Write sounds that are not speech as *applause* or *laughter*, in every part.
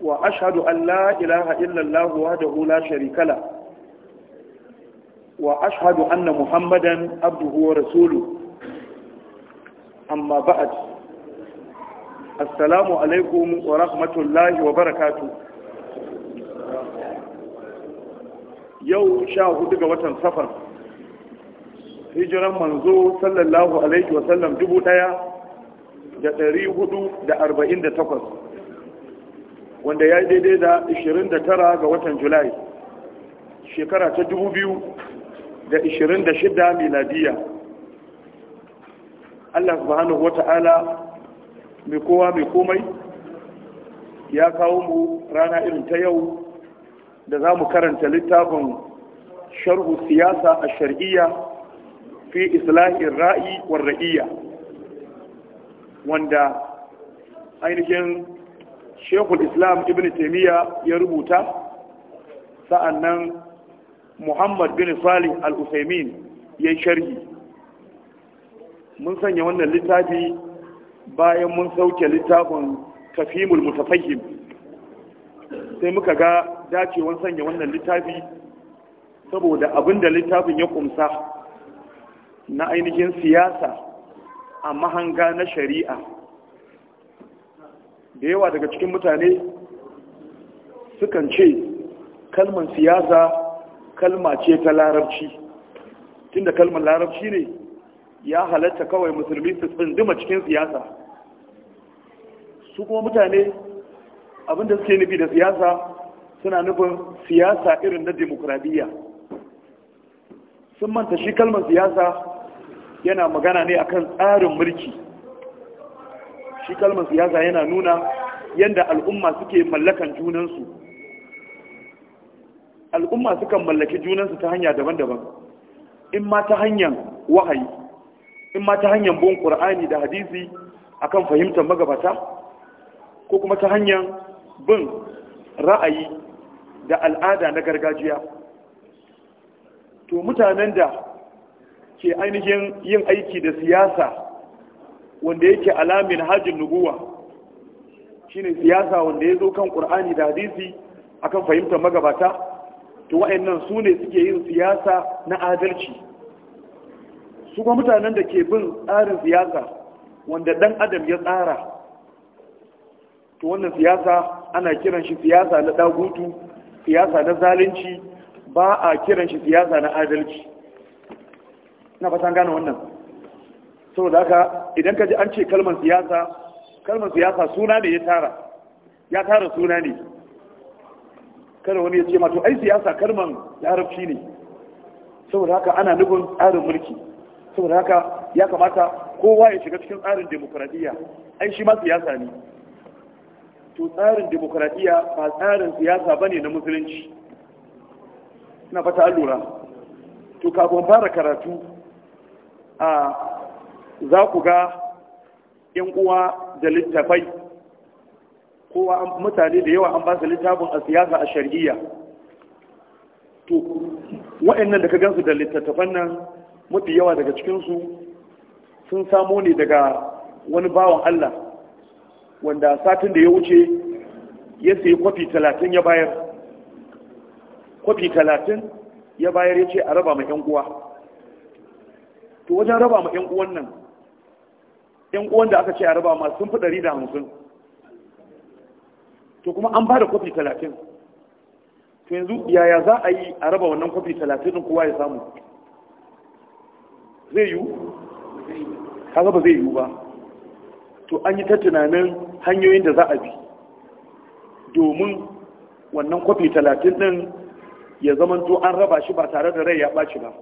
wa ashhadu an la ilaha illallah wahdahu la sharika la wa ashhadu anna muhammadan abduhu wa Rasulu, amma ba'd assalamu alaikum wa rahmatullahi wa barakatuh yau sha hudu ga watan safar hijiran manzo sallallahu alaihi wa sallam, dubu daya da dari hudu da arba'in da takwas wanda ya yi daidai da 29 ga watan julai shekara ta 2026 miladiya allah subhanahu wata'ala mai kowa mai komai ya kawo mu rana irin ta yau da za mu karanta littafin sharhu siyasa a shari'iyya fi islahin ra'i wa ra'iyya wanda ainihin shekul islam ibn taimiyya ya rubuta sa'annan muhammad bin salih al-usaimin ya yi sharhi mun sanya wannan littafi bayan mun sauke littafin tafimul mutafahim sai muka ga dacewan sanya wannan littafi saboda abinda littafin ya kumsa na ainihin siyasa a mahanga na shari'a da yawa daga cikin mutane sukan ce kalmar siyasa kalma ce ta larabci tunda kalmar larabci ne ya halatta kawai musulmi su tsindima cikin siyasa su kuma mutane abinda suke nufi da siyasa suna nufin siyasa irin na demokradiyya sun manta shi kalmar siyasa yana magana ne akan tsarin mulki shi kalmar siyasa yana nuna yadda al'umma suke mallakan junansu al'umma sukan mallaki junansu ta hanya daban-daban in ma ta hanyar wahayi in ma ta hanyar bon ƙur'ani da hadisi akan fahimtar magabata ko kuma ta hanyar bin ra'ayi da al'ada na gargajiya to mutanen da ke ainihin yin aiki da siyasa wanda yake alamin hajjin nubuwa ne siyasa wanda ya zo kan ƙur'ani da hadisi akan fahimtar magabata to wa'annan su ne suke yin siyasa na adalci su kuma mutanen da ke bin tsarin siyasa wanda dan adam ya tsara to wannan siyasa ana kiran shi siyasa na dagutu siyasa na zalunci ba a kiran shi siyasa na adalci ina fatan gane wannan saboda haka idan ka ji an ce kalmar siyasa kalmar siyasa suna ne ya tara ya tara suna ne kada wani ya ce ma to ai siyasa kalmar larabci ne saboda haka ana nufin tsarin mulki saboda haka ya kamata kowa ya shiga cikin tsarin demokradiyya ai shi ma siyasa ne to tsarin demokradiyya ba tsarin siyasa ba ne na musulunci ina fata an lura to kafin fara karatu a za ku ga yan uwa da littafai kowa mutane da yawa an ba su littafin a siyasa a shari'iyya to wa'annan da ka gansu da littattafan nan mafi yawa daga cikinsu sun samo ne daga wani bawan Allah wanda satin da ya wuce ya sayi kwafi talatin ya bayar kwafi talatin ya bayar ya ce a raba ma 'yan uwa to wajen raba ma 'yan uwan nan yan uwan da aka ce a raba ma sun fi ɗari da hamsin to kuma an ba da kwafi talatin to yanzu yaya za a yi a raba wannan kwafi talatin ɗin kowa ya samu zai yiwu kaga ba zai yiwu ba to an yi ta tunanin hanyoyin da za a bi domin wannan kwafi talatin ɗin ya zama zamanto an raba shi ba tare da rai ya ɓaci ba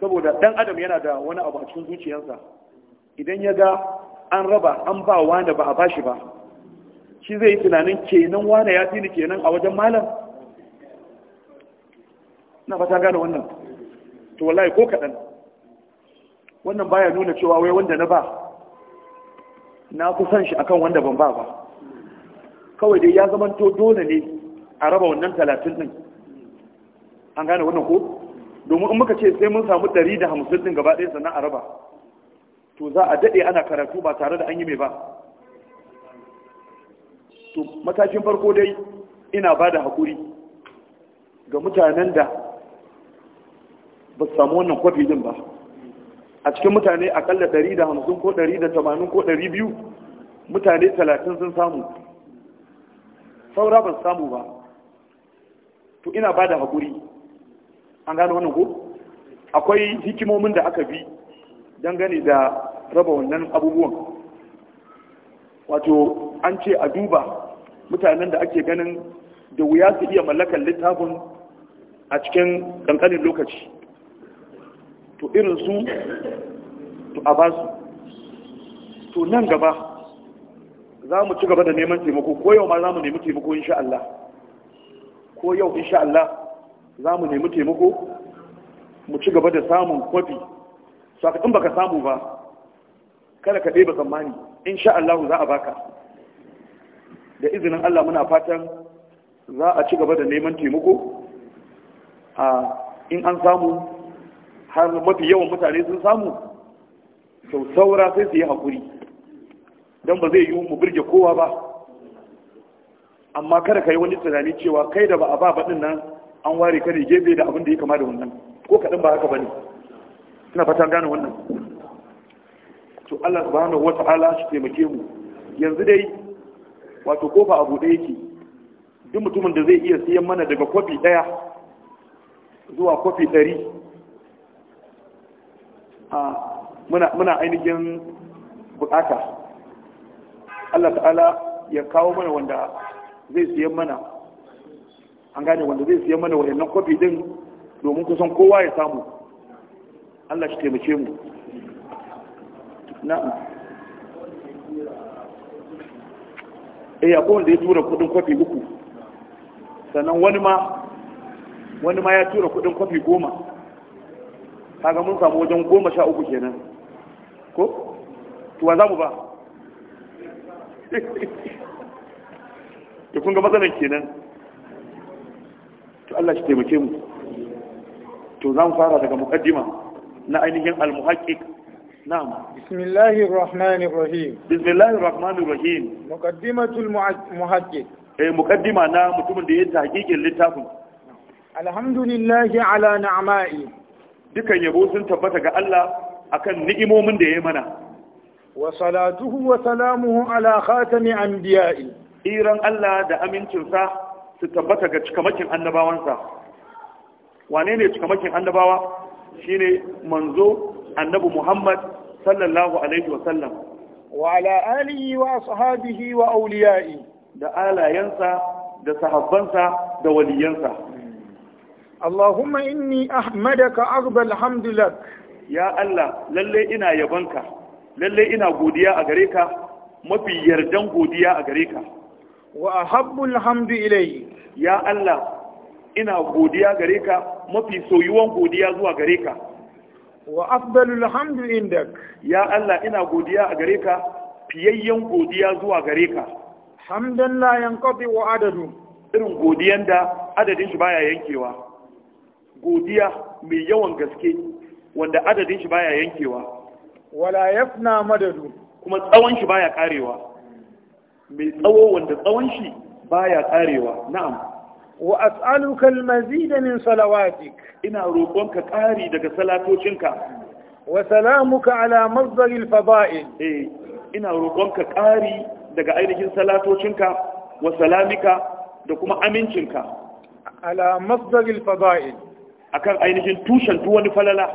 saboda ɗan adam yana da wani abu a cikin zuciyarsa idan ya ga an raba an ba wani ba a bashi ba shi zai yi tunanin kenan wani ya fi ni kenan a wajen malam na fata gane wannan to wallahi ko kaɗan wannan baya nuna cewa wai wanda na ba na kusan shi akan wanda ban ba ba kawai dai ya zamanto dole ne a raba wannan talatin din an gane wannan ko domin in muka ce sai mun samu ɗari da hamsin din gaba ɗaya sannan a raba to za a daɗe ana karatu ba tare da an yi mai ba to matakin farko dai ina ba da haƙuri ga mutanen da ba su samu wannan kwafi din ba a cikin mutane akalla 150 ko 180 ko 200 mutane 30 sun samu saura ban samu ba to ina ba da haƙuri an gano wannan ko akwai hikimomin da aka bi dangane da raba wannan abubuwan wato an ce a duba mutanen da ake ganin da wuya su iya mallakar littafin a cikin ƙanƙanin lokaci to irin su to a basu to nan gaba za mu ci gaba da neman taimako ko yau ma za mu nemi taimako insha Allah ko yau insha Allah za mu nemi taimako mu ci gaba da samun kwafi saka in baka samu ba kada ka ɗeba tsammani sha Allah za a baka da izinin Allah muna fatan za a ci gaba da neman taimako a in an samu har mafi yawan mutane sun samu sau saura sai su yi haƙuri don ba zai yi mu birge kowa ba amma kada ka yi wani tunani cewa kai da ba a ba baɗin nan an ware kare gefe da abin da ya kama da wannan ko kaɗan ba haka ba ne suna fatan gane wannan to Allah subhanahu wata'ala shi taimake mu yanzu dai wato kofa abu da yake duk mutumin da zai iya siyan mana daga kwafi daya zuwa kwafi dari a muna muna ainihin bukata Allah ta'ala ya kawo mana wanda zai siyan mana an gane wanda zai siyan mana wannan kwafi din domin kusan kowa ya samu Allah shi taimake mu na'am eh akwai wanda ya tura kudin kwafi uku sannan wani ma wani ma ya tura kudin kwafi goma kaga mun samu wajen goma sha uku kenan ko tuwa za mu ba da *laughs* kun ga matsalar kenan to Allah shi taimake mu to za mu fara daga mukaddima na ainihin al-muhaqqiq نعم بسم الله الرحمن الرحيم بسم الله الرحمن الرحيم مقدمة المحقق na mutumin da ya tahqiqin littafin alhamdulillah ala ni'ma'i dukan yabo sun tabbata ga Allah akan ni'imomin da ya yi mana wa salatuhu wa salamuhu ala khatami anbiya'i iran Allah da amincinsa su tabbata ga cikamakin annabawansa wane cikamakin annabawa shine manzo annabi Muhammad sallallahu alaihi wasallam wa ala alihi wa ashabihi wa awliyai da alayensa da sahabansa da waliyansa Allahumma inni ahmadaka aghbal hamdulillah ya Allah lalle ina yabanka lalle ina godiya a gare ka mafi yardan godiya a gare ka wa ahabbul hamdu ilai ya Allah ina godiya gare ka mafi soyuwan godiya zuwa gare ka wa afdalul hamdu indak ya Allah ina godiya a gare ka fiyayyen godiya zuwa gare ka hamdan la yanqati wa adadu irin godiyan da adadin shi baya yankewa godiya mai yawan gaske wanda adadin shi baya yankewa wala yafna madadu kuma tsawon shi baya karewa mai tsawo wanda tsawon shi baya karewa na'am wa as'aluka al-mazida min salawatik ina roƙonka ƙari daga salatocinka wa salamuka ala mazdar al-fada'il eh ina roƙonka ƙari daga ainihin salatocinka wa salamika da kuma amincinka ala mazdar al-fada'il akan ainihin tushen duk wani falala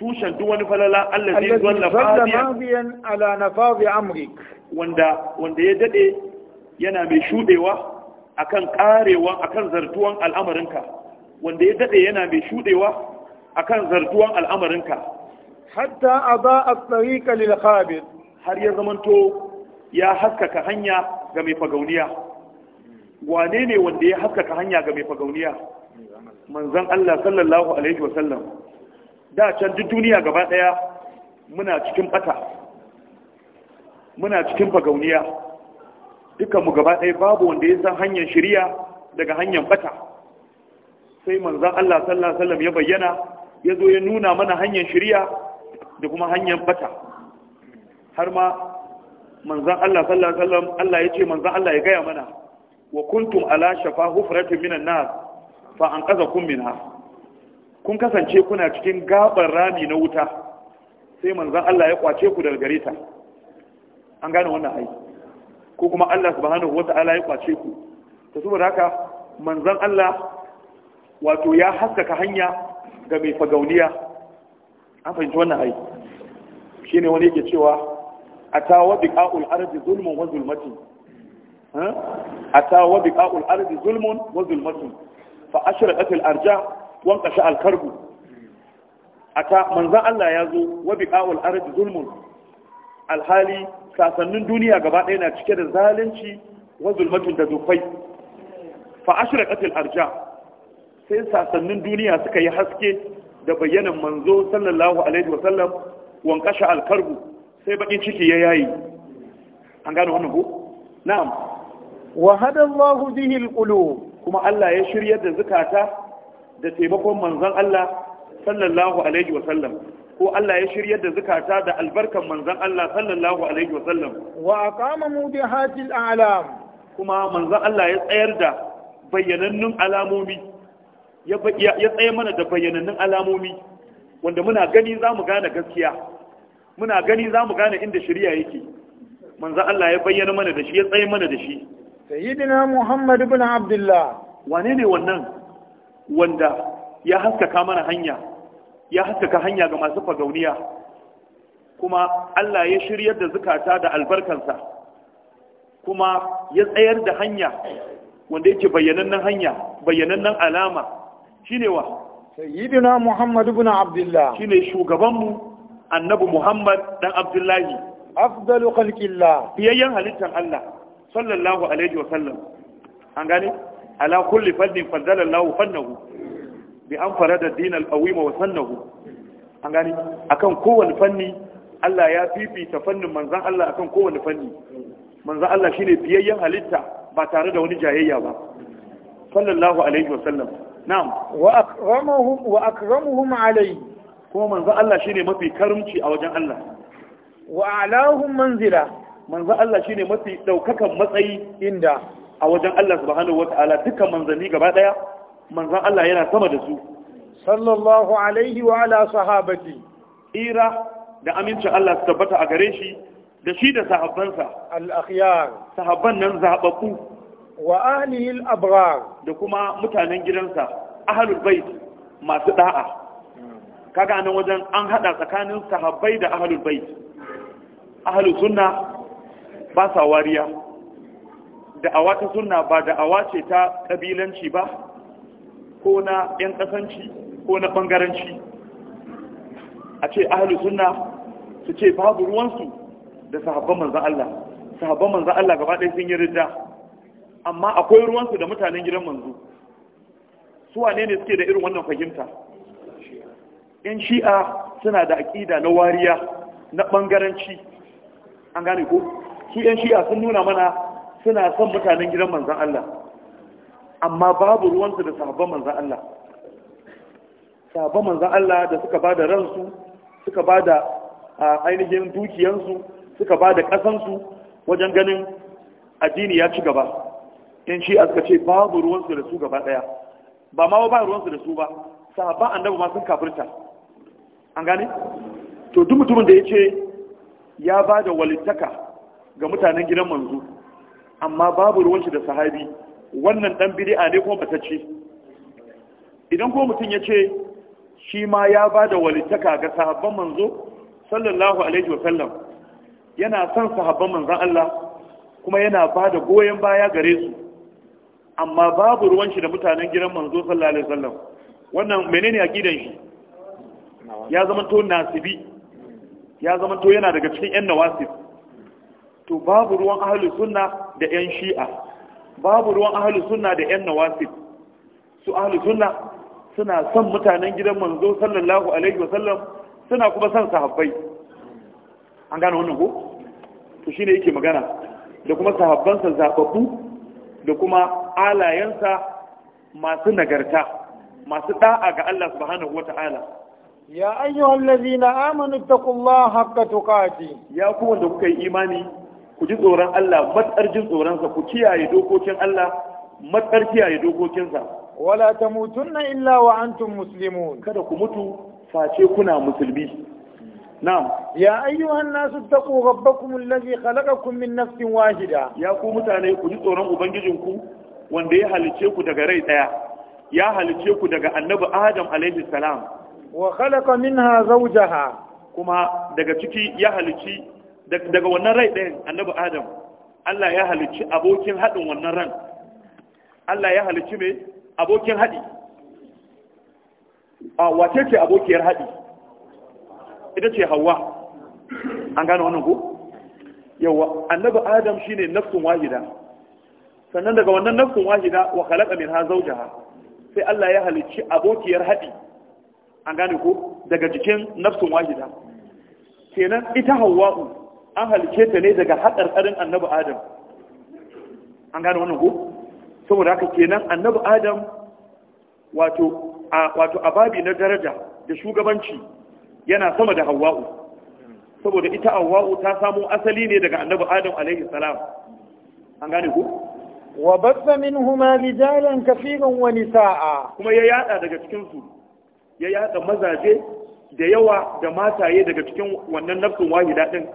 tushen duk wani falala allazi zalla fadiyan ala nafazi amrik wanda wanda ya dade yana mai shudewa akan ƙarewa akan zartuwan al'amarinka wanda ya dade yana mai shudewa akan zartuwan al'amarinka hatta aba as-tariqa lil khabir har ya zamanto ya haskaka hanya ga mai fagauniya wane ne wanda ya haskaka hanya ga mai fagauniya manzon Allah sallallahu alaihi wa sallam da can duk duniya gaba daya muna cikin bata muna cikin fagauniya dukanmu gaba ɗaya babu wanda ya san hanyar shirya daga hanyar bata sai manzan Allah sallallahu alaihi wasallam ya bayyana ya zo ya nuna mana hanyar shirya da kuma hanyar bata har ma manzan Allah sallallahu alaihi wasallam Allah ya ce manzan Allah ya gaya mana wa kuntum ala shafa hufratin minan na fa anqazakum minha kun kasance kuna cikin gabar rami na wuta sai manzan Allah ya kwace ku daga gare ta an gane wannan aiki ko kuma Allah subhanahu wata'ala ya kwace ku ta saboda haka manzon Allah wato ya haskaka hanya ga mai fagauniya an fahimci wannan ai shine wani yake cewa atawa biqa'ul ardi zulmun wa zulmati atawa biqa'ul ardi zulmun wa zulmati fa ashraqat al arja wa anqasha al karbu ata manzon Allah ya zo wa biqa'ul ardi zulmun alhali sasannin duniya gaba ɗaya na cike da zalunci wa zulmatun da dufai fa ashraqatil arja sai sasannin duniya suka yi haske da bayyanan manzo sallallahu alaihi wa sallam wan alkarbu sai bakin ciki ya yayi an gano wannan ko na'am wa hada Allah bihi alqulub kuma Allah ya shiryar da zakata da taimakon manzon Allah sallallahu alaihi wa sallam ko Allah ya shiryar da zukata da albarkan manzan Allah sallallahu alaihi wasallam wa aqama mubihatil a'lam kuma manzan Allah ya tsayar da bayyanannun alamomi ya tsaye mana da bayyanannun alamomi wanda muna gani za mu gane gaskiya muna gani za mu gane inda shirya yake manzon Allah ya bayyana mana da shi ya tsaye mana da shi sayyidina muhammad ibn abdullah wane ne wannan wanda ya haskaka mana hanya ya haskaka hanya ga masu fagauniya kuma Allah ya shiryar da zukata da albarkansa kuma ya tsayar da hanya wanda yake bayyanannen hanya bayyanannen alama shine wa sayyidina Muhammad ibn Abdullah shine shugabanmu annabi Muhammad dan Abdullahi afdalu khalqillah fiyayyan halittan Allah sallallahu alaihi wa sallam an gane ala kulli fadlin fadala Allah fannahu bi an farada din al-qawima wa sannahu an gani akan kowane fanni Allah ya fifita fannin manzan Allah akan kowane fanni manzan Allah shine biyayyen halitta ba tare da wani jayayya ba sallallahu alaihi wa sallam na'am wa akramuhum wa akramuhum alai kuma manzan Allah shine mafi karimci a wajen Allah wa alahum manzila manzan Allah shine mafi daukakan matsayi inda a wajen Allah subhanahu wa ta'ala dukkan manzanni gaba daya manzan Allah yana sama da su sallallahu alaihi wa ala sahabati ira da amincin Allah su tabbata a gare shi da shi da sahabbansa al-akhyar sahabban nan zababbu wa ahlihi al-abrar da kuma mutanen gidansa ahlul bait masu da'a kaga nan wajen an hada tsakanin sahabbai da ahlul bait ahlus sunna ba sa wariya da awata sunna ba da awace ta kabilanci ba ko na ɗan ƙasanci ko na ɓangaranci. a ce ahalu suna su ce babu ruwansu da sahabban manzan Allah sahabban manzan Allah gaba ɗaya sun yi rida amma akwai ruwansu da mutanen gidan manzo su wane ne suke da irin wannan fahimta yan shi'a suna da aƙida na wariya na ɓangaranci. an gane ko su yan shi'a sun nuna mana suna son mutanen gidan manzan Allah amma babu ruwansu da sahabban manzan Allah sahabban manzan Allah da suka ba da ransu suka ba da ainihin dukiyansu suka ba da ƙasansu wajen ganin addini ya ci gaba in shi a suka ce babu ruwansu da su gaba ɗaya ba ma ba ruwansu da su ba sahabban annabi ma sun kafirta an gane to duk mutumin da ya ce ya ba da walittaka ga mutanen gidan manzo amma babu ruwansu da sahabi wannan dan bid'a ne ko matacce idan ko mutum ya ce shi ma ya ba da walitaka ga sahabban manzo sallallahu alaihi wa sallam yana son sahabban manzon Allah kuma yana ba da goyon baya gare su amma babu ruwan shi da mutanen gidan manzo sallallahu alaihi wa sallam wannan menene aqidan shi ya zama to nasibi ya zama to yana daga cikin yan nawasib to babu ruwan ahlus sunna da yan shi'a babu ruwan ahalus suna da yan nawasi su ahalus suna suna son mutanen gidan manzo sallallahu alaihi wa sallam suna kuma son sahabbai an gane wannan ko to shine yake magana da kuma sahabbansa zababbu da kuma alayensa masu nagarta masu da'a ga Allah subhanahu wata'ala ya ayyuhallazina amanu taqullaha haqqa tuqati ya ku wanda kuka yi imani ku ji tsoron Allah matsar jin tsoronsa ku kiyaye dokokin Allah matsar kiyaye dokokinsa wala tamutunna illa wa antum muslimun kada ku mutu face kuna musulmi na'am ya ayyuhan nasu taqu rabbakum allazi khalaqakum min nafsin wahida ya ku mutane ku ji tsoron ubangijinku wanda ya halice ku daga rai daya ya halice ku daga annabi adam alaihi salam wa khalaqa minha zawjaha kuma daga ciki ya halici daga wannan rai ɗayan annabi adam Allah ya halicci abokin haɗin wannan ran Allah ya halicci mai abokin haɗi a wace ce abokiyar haɗi ita ce hawa an gane wannan ku yawa annabi adam shine nafsun wahida sannan daga wannan nafsun wahida wa khalaqa minha jaha? sai Allah ya halicci abokiyar haɗi an gane ku? daga jikin nafsun wahida kenan ita hawa'u an halice ta ne daga haƙarƙarin annabi adam an gane wannan ko saboda haka kenan annabi adam wato a babi na daraja da shugabanci yana sama da hawa'u saboda ita hawa'u ta samo asali ne daga annabi adam alaihi salam an gane ko wa batsa minhuma rijalan kafiran wa nisaa kuma ya yada daga cikin su ya yada mazaje da yawa da mataye daga cikin wannan nafsin wahida din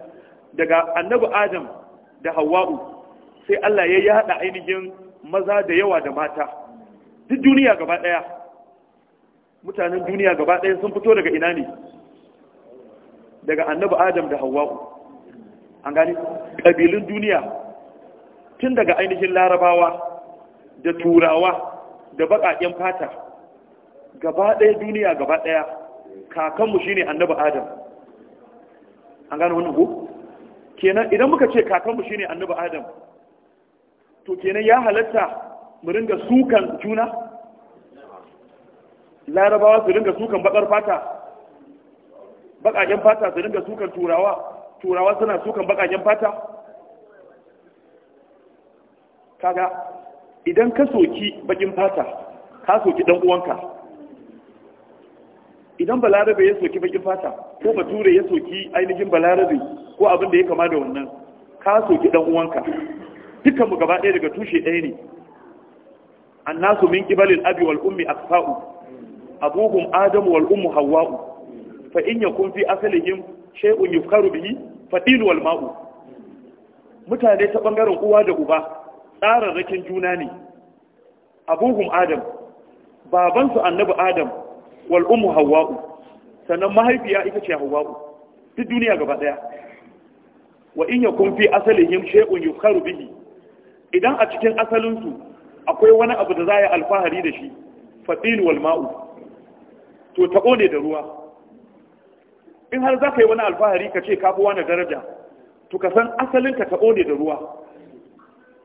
daga annabi adam da hawa'u sai Allah ya yada ainihin maza da yawa da mata duk duniya gaba daya mutanen duniya gaba daya sun fito daga ina ne daga annabi adam da hawa'u an gani ƙabilun duniya tun daga ainihin larabawa da turawa da baƙaƙen fata gaba ɗaya duniya gaba ɗaya kakanmu shine ne annabi adam an gano wannan ko kenan idan muka ce kakanmu shine annabi adam to kenan ya halatta mu ringa sukan juna larabawa su ringa sukan bakar fata bakaken fata su ringa sukan turawa turawa suna sukan bakaken fata kaga idan ka soki bakin fata ka soki dan uwanka idan balarabe ya soki bakin fata ko bature ya soki ainihin balarabe ko abin da ya kama da wannan ka soki dan uwanka dukkan mu gaba ɗaya daga tushe ɗaya ne annasu min qibalil abi wal ummi aqfa'u abuhum adam wal ummu hawa'u fa in yakun fi asalihim shay'un yufkaru bihi fa dinu wal ma'u mutane ta bangaren uwa da uba tsararrakin juna ne abuhum adam babansu annabi adam wal ummu hawwa'u sannan mahaifiya ita ce hawwa'u duk duniya gaba daya wa in yakun fi asalihim shay'un yukharu bihi idan a cikin asalin su akwai wani abu da za a yi alfahari da shi fatil wal ma'u to tabo ne da ruwa in har za yi wani alfahari ka ce ka fi wani daraja to ka san asalin ka tabo ne da ruwa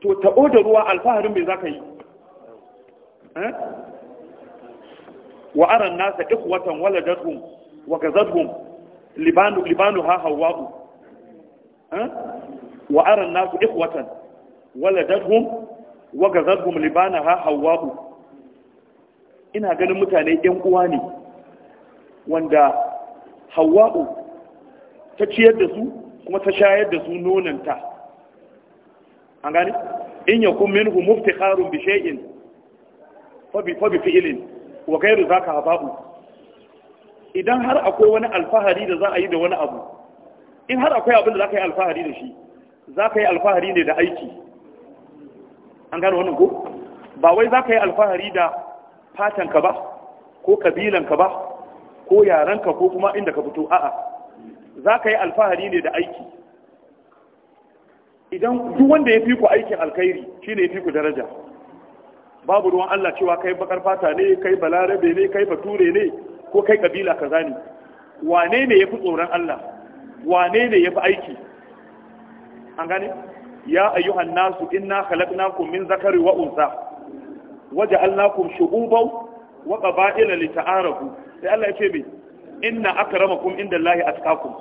to tabo da ruwa alfaharin me za ka yi eh? wa aran nasa ikhwatan waladatuhum wa kazatuhum libanu libanu ha hawa'u wa aran nasu ikhwatan waladatuhum wa kazatuhum libanu ha hawa'u ina ganin mutane yan uwa ne wanda hawa'u ta ciyar da su kuma ta shayar da su nonanta an gani in yakun minhu muftikharun bi shay'in fa bi fa bi fi'lin wa gairu zaka babu? idan har akwai wani alfahari da za a yi da wani abu in har akwai abin da za ka yi alfahari da shi za ka yi alfahari ne da aiki an gano wannan ko ba wai za ka yi alfahari da fatanka ba ko kabilanka ba ko yarenka ko kuma inda ka fito a'a za ka yi alfahari ne da aiki idan duk wanda ya fi ku aikin alkhairi shi ne ya fi ku daraja babu ruwan Allah cewa kai bakar fata ne kai balarabe ne kai bature ne ko kai kabila kaza ne wane ne yafi tsoron Allah wane ne yafi aiki an gane ya ayyuhan nasu inna khalaqnakum min zakari wa unsa waja'alnakum shu'uban wa qaba'ila lita'arafu sai Allah ya ce me inna akramakum indallahi atqakum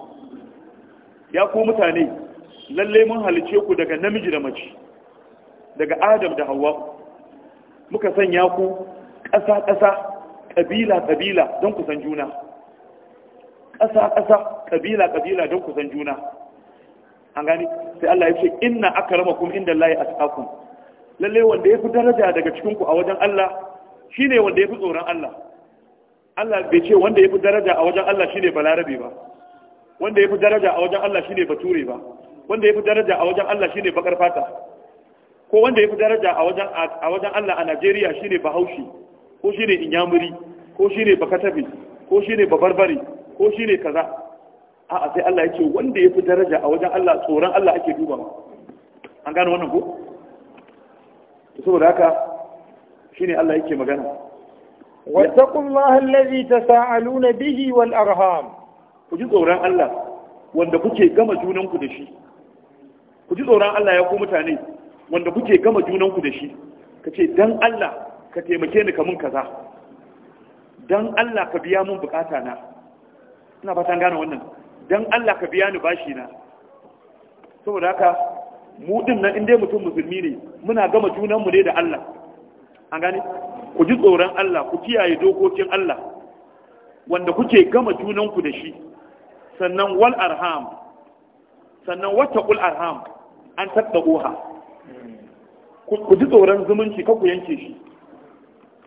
ya ku mutane lalle mun halice ku daga namiji da mace daga Adam da Hawwa muka sanya ku ƙasa ƙasa ƙabila ƙabila don kusan juna ƙasa ƙasa ƙabila ƙabila don kusan juna an gani sai Allah ya ce inna akramakum inda Allah ya asqakum lalle wanda ya fi daraja daga cikin ku a wajen Allah shine wanda ya fi tsoron Allah Allah bai ce wanda ya fi daraja a wajen Allah shine balarabe ba wanda ya fi daraja a wajen Allah shine bature ba wanda ya fi daraja a wajen Allah shine bakar fata ko wanda ya fi daraja a wajen Allah a Najeriya shine Bahaushe ko shine Inyamuri ko shine Bakatabi ko shine Babarbare ko shine kaza a'a sai Allah yake wanda ya fi daraja a wajen Allah tsoron Allah ake duba ma. an gano wannan ko saboda haka shine Allah yake magana واتقوا الله bihi wal arham Ku ji tsoron Allah wanda kuke gama junanku da shi Ku ji tsoron Allah ya ku mutane wanda kuke gama junanku da shi ka ce don Allah ka taimake ni kamun kaza don Allah ka biya mun bukata na ina fatan gane wannan don Allah ka biya ni bashi na saboda haka mu din nan inda mutum musulmi ne muna gama junanmu ne da Allah an gane ku ji tsoron Allah ku kiyaye dokokin Allah wanda kuke gama junanku da shi sannan wal arham sannan wata arham an tattaɓoha ku ji tsoron zumunci ka ku yanke shi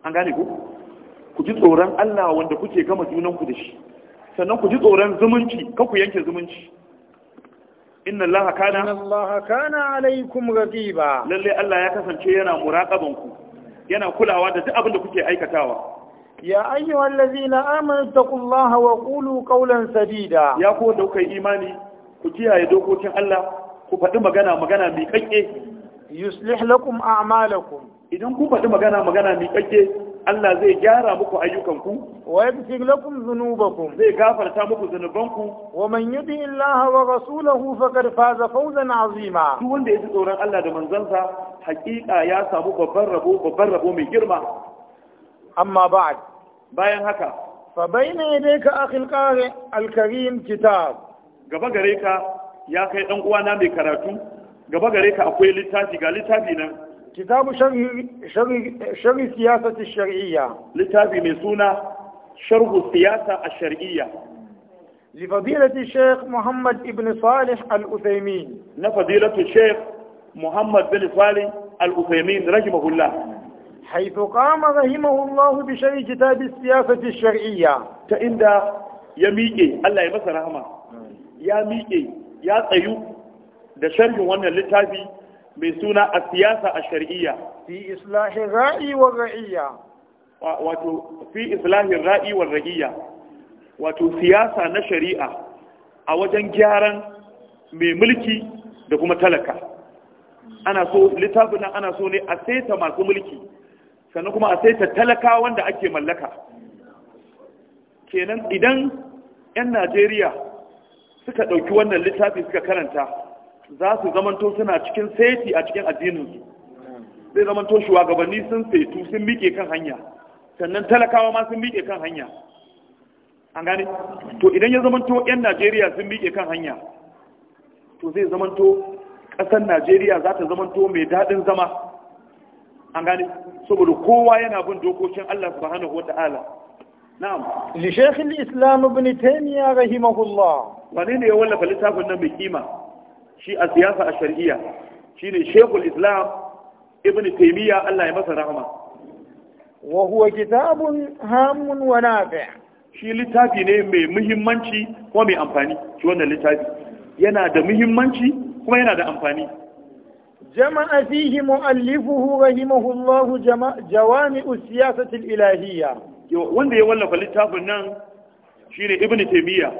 an gane ku ku ji tsoron Allah wanda kuke gama junan ku da shi sannan ku ji tsoron zumunci ka ku yanke zumunci inna Allah kana inna Allah kana alaikum raqiba lalle Allah ya kasance yana muraqaban ku yana kulawa da duk abin da kuke aikatawa Ya يا أيها الذين آمنوا اتقوا الله وقولوا قولا سديدا يا كو imani ku kiyaye dokokin Allah ku faɗi magana magana mai ميقيقي yuslih lakum a'malakum idan ku faɗi magana magana mai kake Allah zai gyara muku ayyukanku wa yaghfir lakum dhunubakum zai gafarta muku zunubanku wa man yuti Allah wa rasulahu faqad faza fawzan azima duk wanda ya ji tsoron Allah da manzansa hakika ya samu babban rabo babban rabo mai girma amma ba'd bayan haka fa bayna yadayka akhil qari al-karim kitab gaba gare ka ya kai dan uwana mai karatu gaba gare ka akwai littafi ga littafi nan kitabu sharhi siyasati shar'iyya littafi mai suna sharhu siyasa a shar'iyya لفضيلة الشيخ محمد بن صالح الأثيمين نفضيلة الشيخ محمد بن صالح الأثيمين رحمه الله حيث قام رحمه الله بشر كتاب السياسة الشرعية تإندا يميكي الله يمسى رحمه يا ميكي يا طيوب da sharhin wannan littafi mai suna a siyasa a shari'iyya fi islahin ra'i wa ra'iyya wato wato siyasa na shari'a a wajen gyaran mai mulki da kuma talaka ana so littafin nan ana so ne a saita masu mulki sannan kuma a saita talaka wanda ake mallaka kenan idan 'yan najeriya suka ɗauki wannan littafi suka karanta za su zamanto suna cikin saiti a cikin addininsu zai zamanto shugabanni sun saitu sun miƙe kan hanya sannan talakawa ma sun miƙe kan hanya an gane to idan ya zamanto 'yan najeriya sun miƙe kan hanya to zai zamanto ƙasar najeriya za ta zamanto mai daɗin zama an gane saboda kowa yana bin dokokin allah subhanahu wa ta'ala na'am li shaykh islam ibn taymiyyah rahimahullah Wani ne ya wallafa littafin nan mai kima shi a siyasa a shari'iyya Shi ne shekul islam ibn taimiyya allah ya masa rahama wa huwa kitabun hamun wa nafi shi littafi ne mai muhimmanci kuma mai amfani shi wannan littafi yana da muhimmanci kuma yana da amfani جمع فيه مؤلفه رحمه الله جوامع السياسة الإلهية wanda ya wallafa littafin nan shine ibn Taimiyya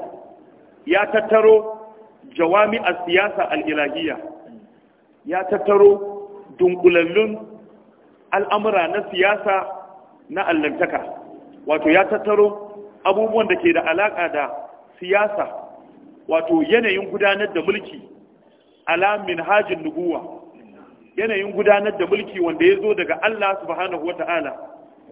ya tattaro jawami a siyasa al'ilahiyya ya tattaro dunkulallun al'amura na siyasa na allantaka wato ya tattaro abubuwan da ke da alaƙa da siyasa wato yanayin gudanar da mulki alamin hajin nubuwa yanayin gudanar da mulki wanda ya zo daga Allah subhanahu wa ta'ala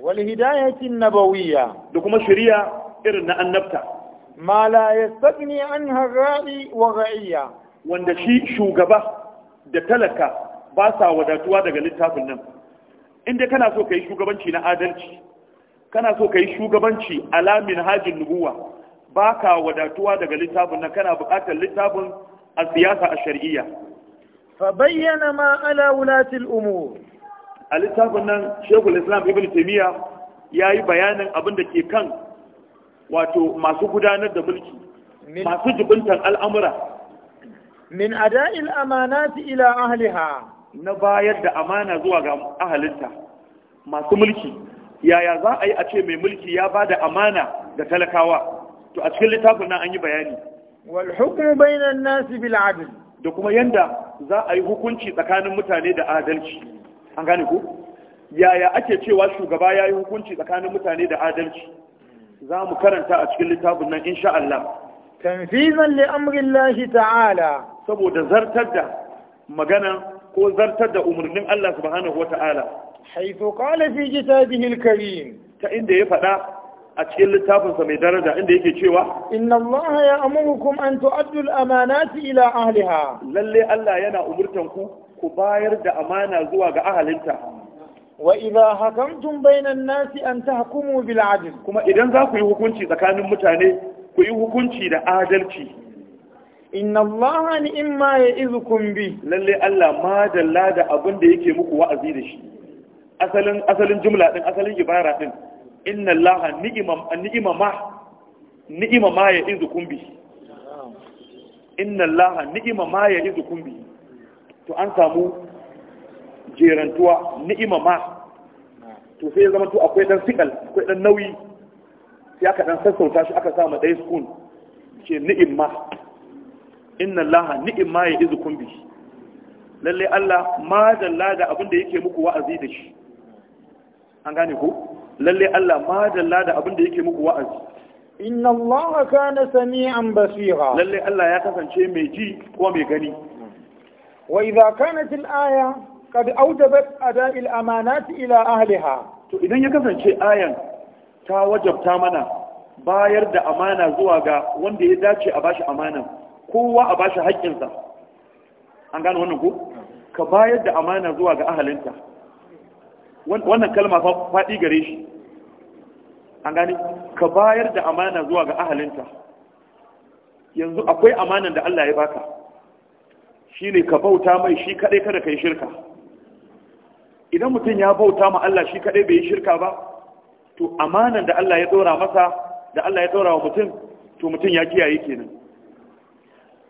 wal hidayatin nabawiyya da kuma shari'a irin na annabta ma la yastagni anha wa ra'iya wanda shi shugaba da talaka ba sa wadatuwa daga littafin nan inda kana so kai shugabanci na adalci kana so kai shugabanci alamin hajin nubuwa ba ka wadatuwa daga littafin nan kana buƙatar littafin a siyasa a shari'iyya fa bayyana ma ala wulatil umur a littafin nan shekul islam ibn taimiyya ya yi bayanin abin da ke kan wato masu gudanar da mulki masu jibintan al'amura min ada'il su ila ahaliha na bayar da amana zuwa ga ahalinta masu mulki yaya za a yi a ce mai mulki ya ba da amana ga talakawa to a cikin littafin nan an yi bayani wal hukumu bainan nasi bil adl da kuma yanda za a yi hukunci tsakanin mutane da adalci an gane ku yaya ake cewa shugaba ya yi hukunci tsakanin mutane da adalci za mu karanta a cikin littafin nan insha Allah tanfizan li amrillahi ta'ala saboda zartar da magana ko zartar da umarnin Allah subhanahu wata'ala haythu qala fi bihil, karim ta inda ya faɗa a cikin littafinsa mai daraja inda yake cewa inna Allah ya amurukum an tu'addu al-amanati ila ahliha lalle Allah yana umurtan ku ku bayar da amana zuwa ga ahalinta wa idza hakamtum bainan nasi an tahkumu bil adl kuma idan za ku yi hukunci tsakanin mutane ku yi hukunci da adalci inna allaha ni'ma ya'izukum bi lalle Allah ma dalla da abin da yake muku wa'azi da shi asalin asalin jumla din asalin ibara din inna allaha ni'ma ni'ma ma ni'ma ma ya'izukum bi inna allaha ni'ma ma ya'izukum bi to an samu jerantuwa ni'ima ma to sai ya zama to akwai dan sikal akwai dan nauyi sai aka dan sassauta shi aka sa ma dai spoon ce ni'im ma inna allaha ni'im ma ya'izukum bi lalle Allah ma da da abin da yake muku wa'azi da shi an gane ku lalle Allah ma da da abin da yake muku wa'azi inna allaha kana sami'an basira lalle Allah ya kasance mai ji ko mai gani wa idza kanat al-aya qad audabat ada'il amanati ila ahliha to idan ya kasance ayan ta wajabta mana bayar da amana zuwa ga wanda ya dace a bashi amanan kowa a bashi haƙƙinsa an gane wannan ko ka bayar da amana zuwa ga ahalinta wannan kalma faɗi gare shi an gane ka bayar da amana zuwa ga ahalinta yanzu akwai amanan da Allah ya baka shine ka bauta mai shi kadai kada kai shirka idan mutum ya bauta ma Allah shi kaɗai bai yi shirka ba to amanan da Allah ya ɗora masa da Allah ya ɗora wa mutum to mutum ya kiyaye kenan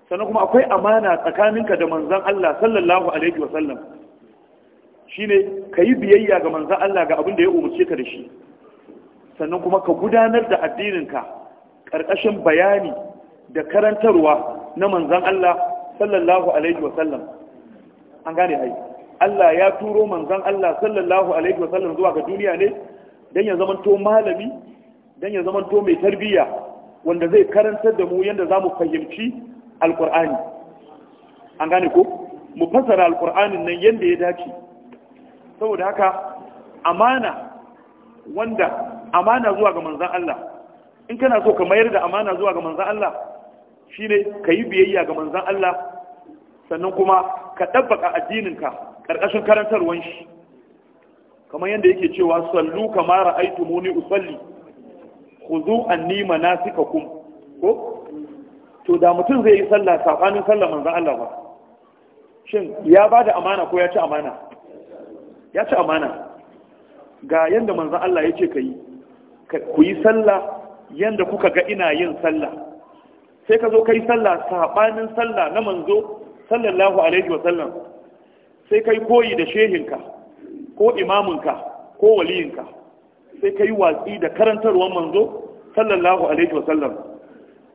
sannan kuma akwai amana tsakaninka da manzan Allah sallallahu alaihi wa sallam shine yi biyayya ga manzan Allah ga abin da ya umarce ka da shi sannan kuma ka gudanar da addininka ƙarƙashin bayani da karantarwa na manzan Allah sallallahu alaihi wa sallam an gane haihu. Allah ya turo manzan Allah sallallahu alaihi wa sallam zuwa ga duniya ne dan ya zamanto malami dan ya zamanto mai tarbiyya wanda zai karantar da mu yanda zamu fahimci alqur'ani an gane ko mu fassara alqur'anin nan yadda ya dace saboda haka amana wanda amana zuwa ga manzan Allah in kana so ka mayar da amana zuwa ga manzan Allah shine yi biyayya ga manzan Allah sannan kuma ka dabbaka ka. karkashin karantarwan shi kamar yadda yake cewa sallu kama muni usalli khudhu anni manasikakum ko to da mutum zai yi sallah safanin sallah manzon Allah ba shin ya bada amana ko ya ci amana ya ci amana ga yadda manzon Allah ya ce ka yi ku yi sallah yadda kuka ga ina yin sallah sai ka zo ka yi sallah saɓanin sallah na manzo sallallahu alaihi wa sallam sai kai koyi da shehinka ko imaminka ko waliyinka sai kai watsi da karantarwar manzo sallallahu alaihi wasallam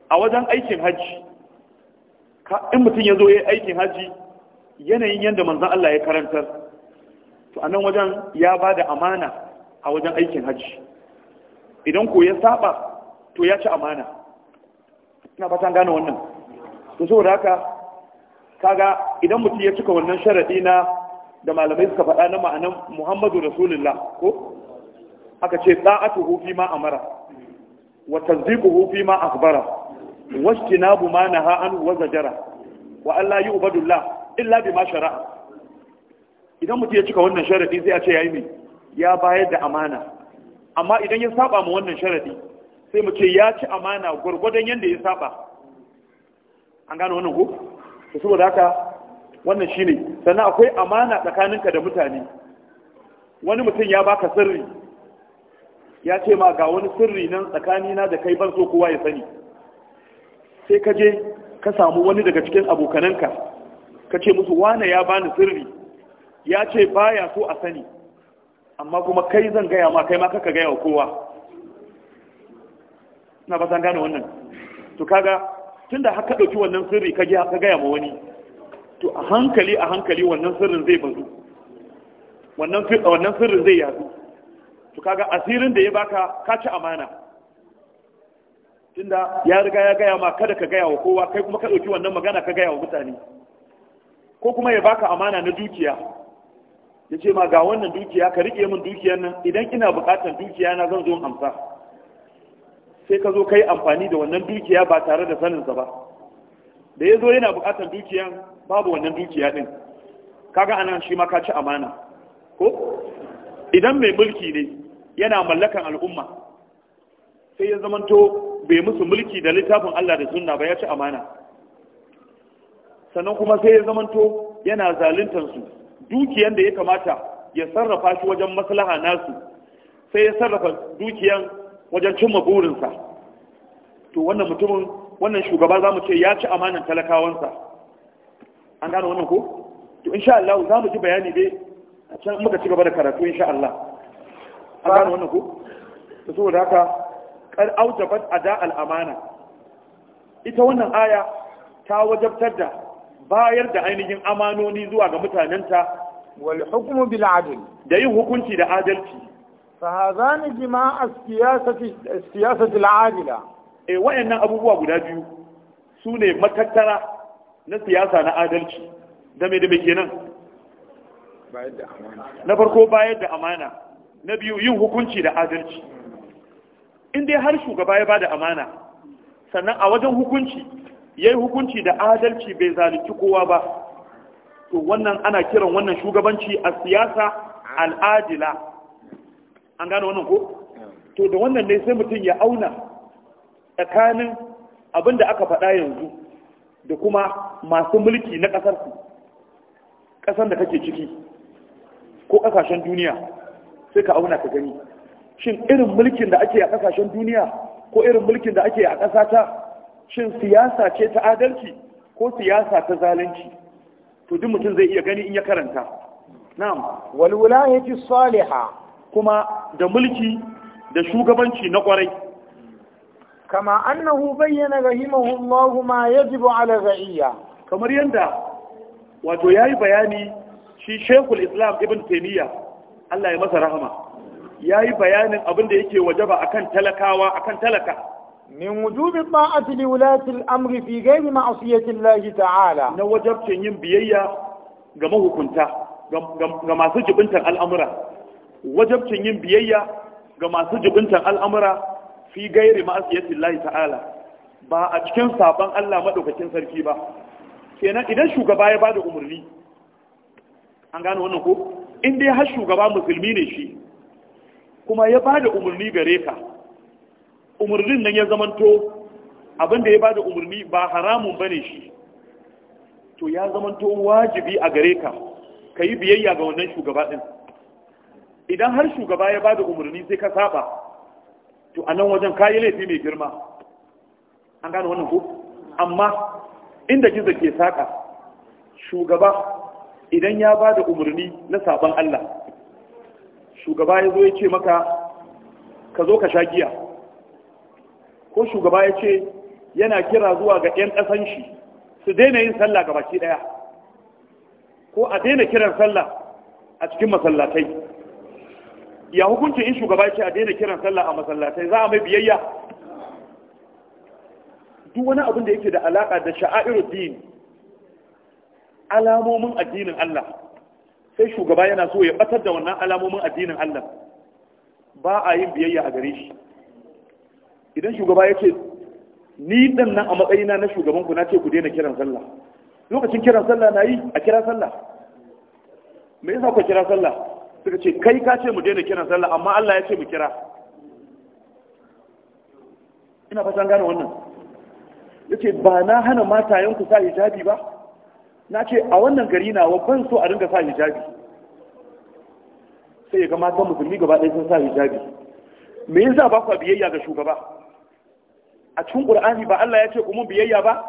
a wajen aikin hajji in mutum ya zo ya aikin hajji yanayin yadda manzan Allah ya karantar to a nan wajen ya ba da amana a wajen aikin hajji idan ko ya saba to ya ci amana ina fatan gane wannan to saboda haka kaga idan mutum ya cika wannan sharadi na da malamai suka faɗa na ma'anan muhammadu rasulullah ko aka ce tsa'atu hufi ma amara wa tasdiquhu hufi ma akhbara wa ijtinabu ma naha an wa zajara wa alla yu'badullah illa bima shara'a idan mutum ya cika wannan sharadi sai a ce yayi me ya bayar da amana amma idan ya saba mu wannan sharadi sai mu ce ya ci amana gurgurdan yanda ya saba an gano wannan ko to saboda haka wannan shine sannan akwai amana tsakaninka da mutane wani mutum ya baka sirri ya ce ma ga wani sirri nan tsakanina da kai ban so kowa ya sani sai ka je ka samu wani daga cikin abokananka ka ce musu wane ya bani sirri ya ce baya so a sani amma kuma kai zan gaya ma kai ma kaka gaya wa kowa na ba gane wannan to kaga tunda har ka ɗauki wannan sirri ka gaya ma wani to a hankali a hankali wannan sirrin zai bazu wannan sirrin zai yadu to kaga asirin da ya baka ka ci amana tunda ya riga ya gaya ma kada ka gaya wa kowa kai kuma ka ɗauki wannan magana ka gaya wa mutane ko kuma ya baka amana na dukiya ya ce ma ga wannan dukiya ka riƙe min dukiyar nan idan ina buƙatar dukiya na zan zo amsa sai ka zo ka yi amfani da wannan dukiya ba tare da saninsa ba da ya zo yana bukatar dukiyan babu wannan dukiya din kaga anan shi ma ka ci amana ko idan mai mulki ne yana mallakan al'umma sai ya zamanto bai musu mulki da littafin Allah da sunna ba ya ci amana sannan kuma sai ya zamanto yana zaluntar su dukiyan da ya kamata ya sarrafa shi wajen maslaha nasu sai ya sarrafa dukiyan wajen cimma burinsa to wannan mutumin wannan shugaba za mu ce ya ci amanan talakawansa an gano wannan ko to insha Allah za mu ji bayani dai a can muka ci gaba da karatu insha Allah an gano wannan ko to saboda haka kar aujabat ada al amana ita wannan aya ta wajabtar da bayar da ainihin amanoni zuwa ga mutanenta wal hukmu bil adl da yin hukunci da adalci فهذان جماع السياسة السياسة العادلة إيه وإن أبوه أبو دابيو سوني متكترة نسياسة نعادلش دمي دمي كينا na farko bayar da amana na biyu yin hukunci da adalci in dai har shugaba ya bada amana sannan a wajen hukunci ya yi hukunci da adalci bai zalunci kowa ba to wannan ana kiran wannan shugabanci a siyasa al'adila an gane wannan ko to da wannan ne sai mutum ya auna tsakanin abin da aka faɗa yanzu da kuma masu mulki na ƙasar su ƙasar da kake ciki ko ƙasashen duniya sai ka auna ka gani shin irin mulkin da ake a ƙasashen duniya ko irin mulkin da ake a ƙasa ta shin siyasa ce ta adalci ko siyasa ta zalunci to duk mutum zai iya gani in ya karanta na'am wal wilayati salihah kuma da mulki da shugabanci na kwarai kama annahu bayyana rahimahullahu ma yajibu ala ra'iyya kamar yadda wato yayi bayani shi shekul Islam Ibn Taymiyyah Allah ya masa rahama yayi bayanin abin da yake wajaba akan talakawa akan talaka min wujubi ta'ati li wulati amri fi ghairi ma'siyati Allah ta'ala na wajabcin yin biyayya ga mahukunta ga masu jibintar al'amura wajabcin yin biyayya ga masu jibintan al'amura fi gairi ma'asiyatin ta'ala ba a cikin sabon Allah maɗaukakin sarki ba kenan idan shugaba ya ba da umarni an gane wannan ko in dai har shugaba musulmi ne shi kuma ya ba da umarni gare ka umarnin nan ya zamanto da ya ba da umarni ba haramun ba ne shi to ya zamanto wajibi a gare ka ka yi biyayya ga wannan shugaba ɗin idan har shugaba ya da umarni sai ka saba to a nan wajen kayi laifi mai girma an gane wannan ko amma inda gizo ke saka shugaba idan ya ba da umarni na saban Allah shugaba ya zo ya ce maka ka zo ka sha giya ko shugaba ya ce yana kira zuwa ga 'yan ƙasan shi su daina yin sallah ga baki ɗaya ko a daina kiran sallah a cikin masallatai ya hukuncin in shugaba ce a daina kiran sallah a masallatai za a mai biyayya duk wani abin da yake da alaka da sha'airul din alamomin addinin Allah sai shugaba yana so ya batar da wannan alamomin addinin Allah ba a yin biyayya a gare shi idan shugaba ya ce ni dan nan a matsayina na shugaban ku na ce ku daina kiran sallah lokacin kiran sallah na yi a kira sallah me yasa ku kira sallah suka ce kai ka ce mu daina kiran sallah amma Allah ya ce mu kira ina fatan gane wannan yace ba na hana matayen ku sa hijabi ba na ce a wannan gari na wa ban so a dinga sa hijabi sai ya ga matan musulmi gaba ɗaya sun sa hijabi me yasa ba ku biyayya ga shugaba a cikin qur'ani ba Allah ya ce ku mu biyayya ba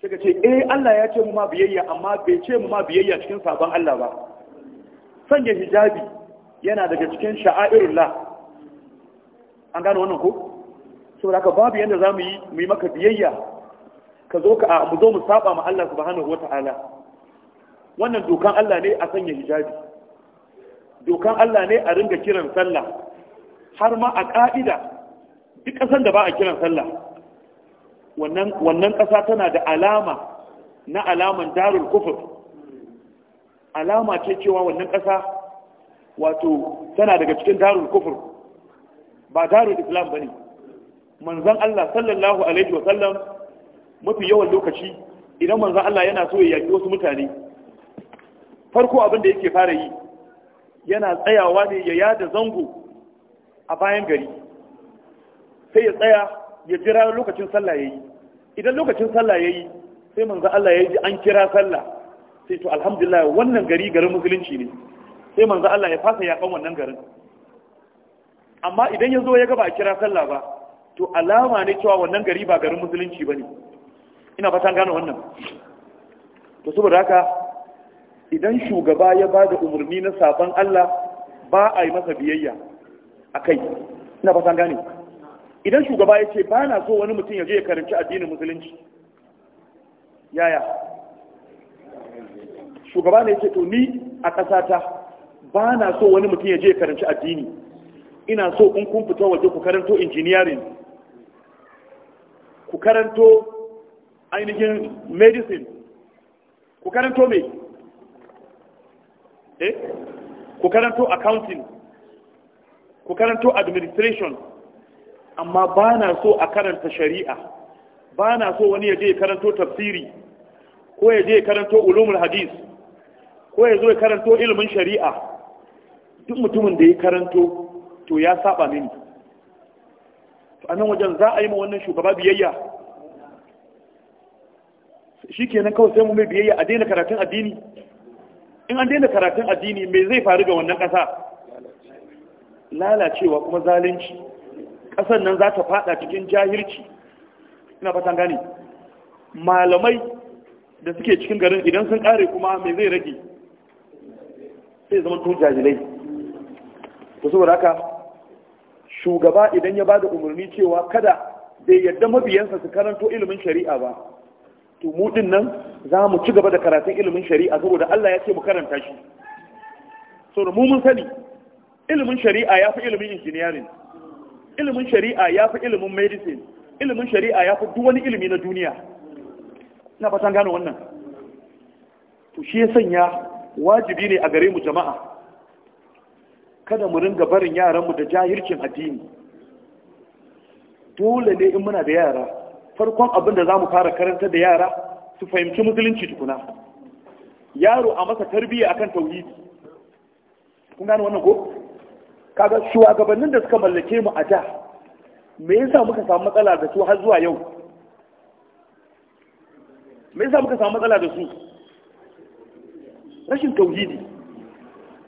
suka ce eh Allah ya ce mu ma biyayya amma bai ce mu ma biyayya cikin sabon Allah ba sanya hijabi yana daga cikin sha'airullah an gano wannan ko da haka babu yadda za mu yi maka biyayya ka zo ka mu zo mu saba ma Allah subhanahu Ta'ala. wannan dokan Allah ne a sanya hijabi dokan Allah ne a ringa kiran sallah har ma a ka'ida duk kasan da ba a kiran sallah wannan wannan kasa tana da alama na alaman darul kufur alama ce cewa wannan ƙasa wato tana daga cikin darul kufur ba darul islam ba ne manzan Allah sallallahu alaihi wa mafi yawan lokaci idan manzan Allah yana so ya yaƙi wasu mutane farko abin da yake fara yi yana tsayawa ne ya yada zango a bayan gari sai ya tsaya ya jira lokacin sallah yayi idan lokacin sallah ya yi, sai manzan Allah ya ji an kira sallah sai to alhamdulillah wannan gari garin musulunci ne sai manzo Allah ya fasa yakan wannan garin amma idan ya zo ya ga ba a kira sallah ba to alama ne cewa wannan gari ba garin musulunci ba ne ina fatan gane wannan to saboda haka idan shugaba ya bada umurni umarni na sabon Allah ba a yi masa biyayya a kai ina fatan gane idan shugaba ya ce ba na so wani mutum ya je ya karanci addinin musulunci yaya shugaba ne ce to ni a ƙasata ba na so wani mutum ya je karanci addini ina so in kun fita waje ku karanto engineering ku karanto ainihin medicine ku karanto me eh ku karanto accounting ku karanto administration amma ba na so a karanta shari'a ba na so wani ya je karanto tafsiri ko ya je karanto ulumul hadis ko ya zo ya karanto ilimin shari'a duk mutumin da ya karanto to ya saba mini to anan wajen za a yi ma wannan shugaba biyayya shi kenan kawai sai mu mai biyayya a daina karatun addini in an daina karatun addini mai zai faru ga wannan ƙasa lalacewa kuma zalunci ƙasar nan za ta fada cikin jahilci ina fatan gane malamai da suke cikin garin idan sun kare kuma mai zai rage sai zama tun jajilai ta saboda haka shugaba idan ya ba da umarni cewa kada bai yadda mabiyansa su karanto ilimin shari'a ba to mudin nan za mu ci gaba da karatun ilimin shari'a saboda Allah ya ce mu karanta shi saboda mu mun sani ilimin shari'a ya fi ilimin engineering ilimin shari'a ya fi ilimin medicine ilimin shari'a ya fi duk wani ilimi na duniya na fatan gano wannan to shi ya sanya wajibi ne a gare mu jama'a kada mu ringa barin yaranmu da jahircin addini dole ne in muna da yara farkon abin da za mu fara karanta da yara su fahimci musulunci tukuna yaro a masa tarbiyya akan tauhidi kun gane wannan ko kaga shugabannin da suka mallake mu a da me yasa muka samu matsala da su har zuwa yau me yasa muka samu matsala da su rashin tauhidi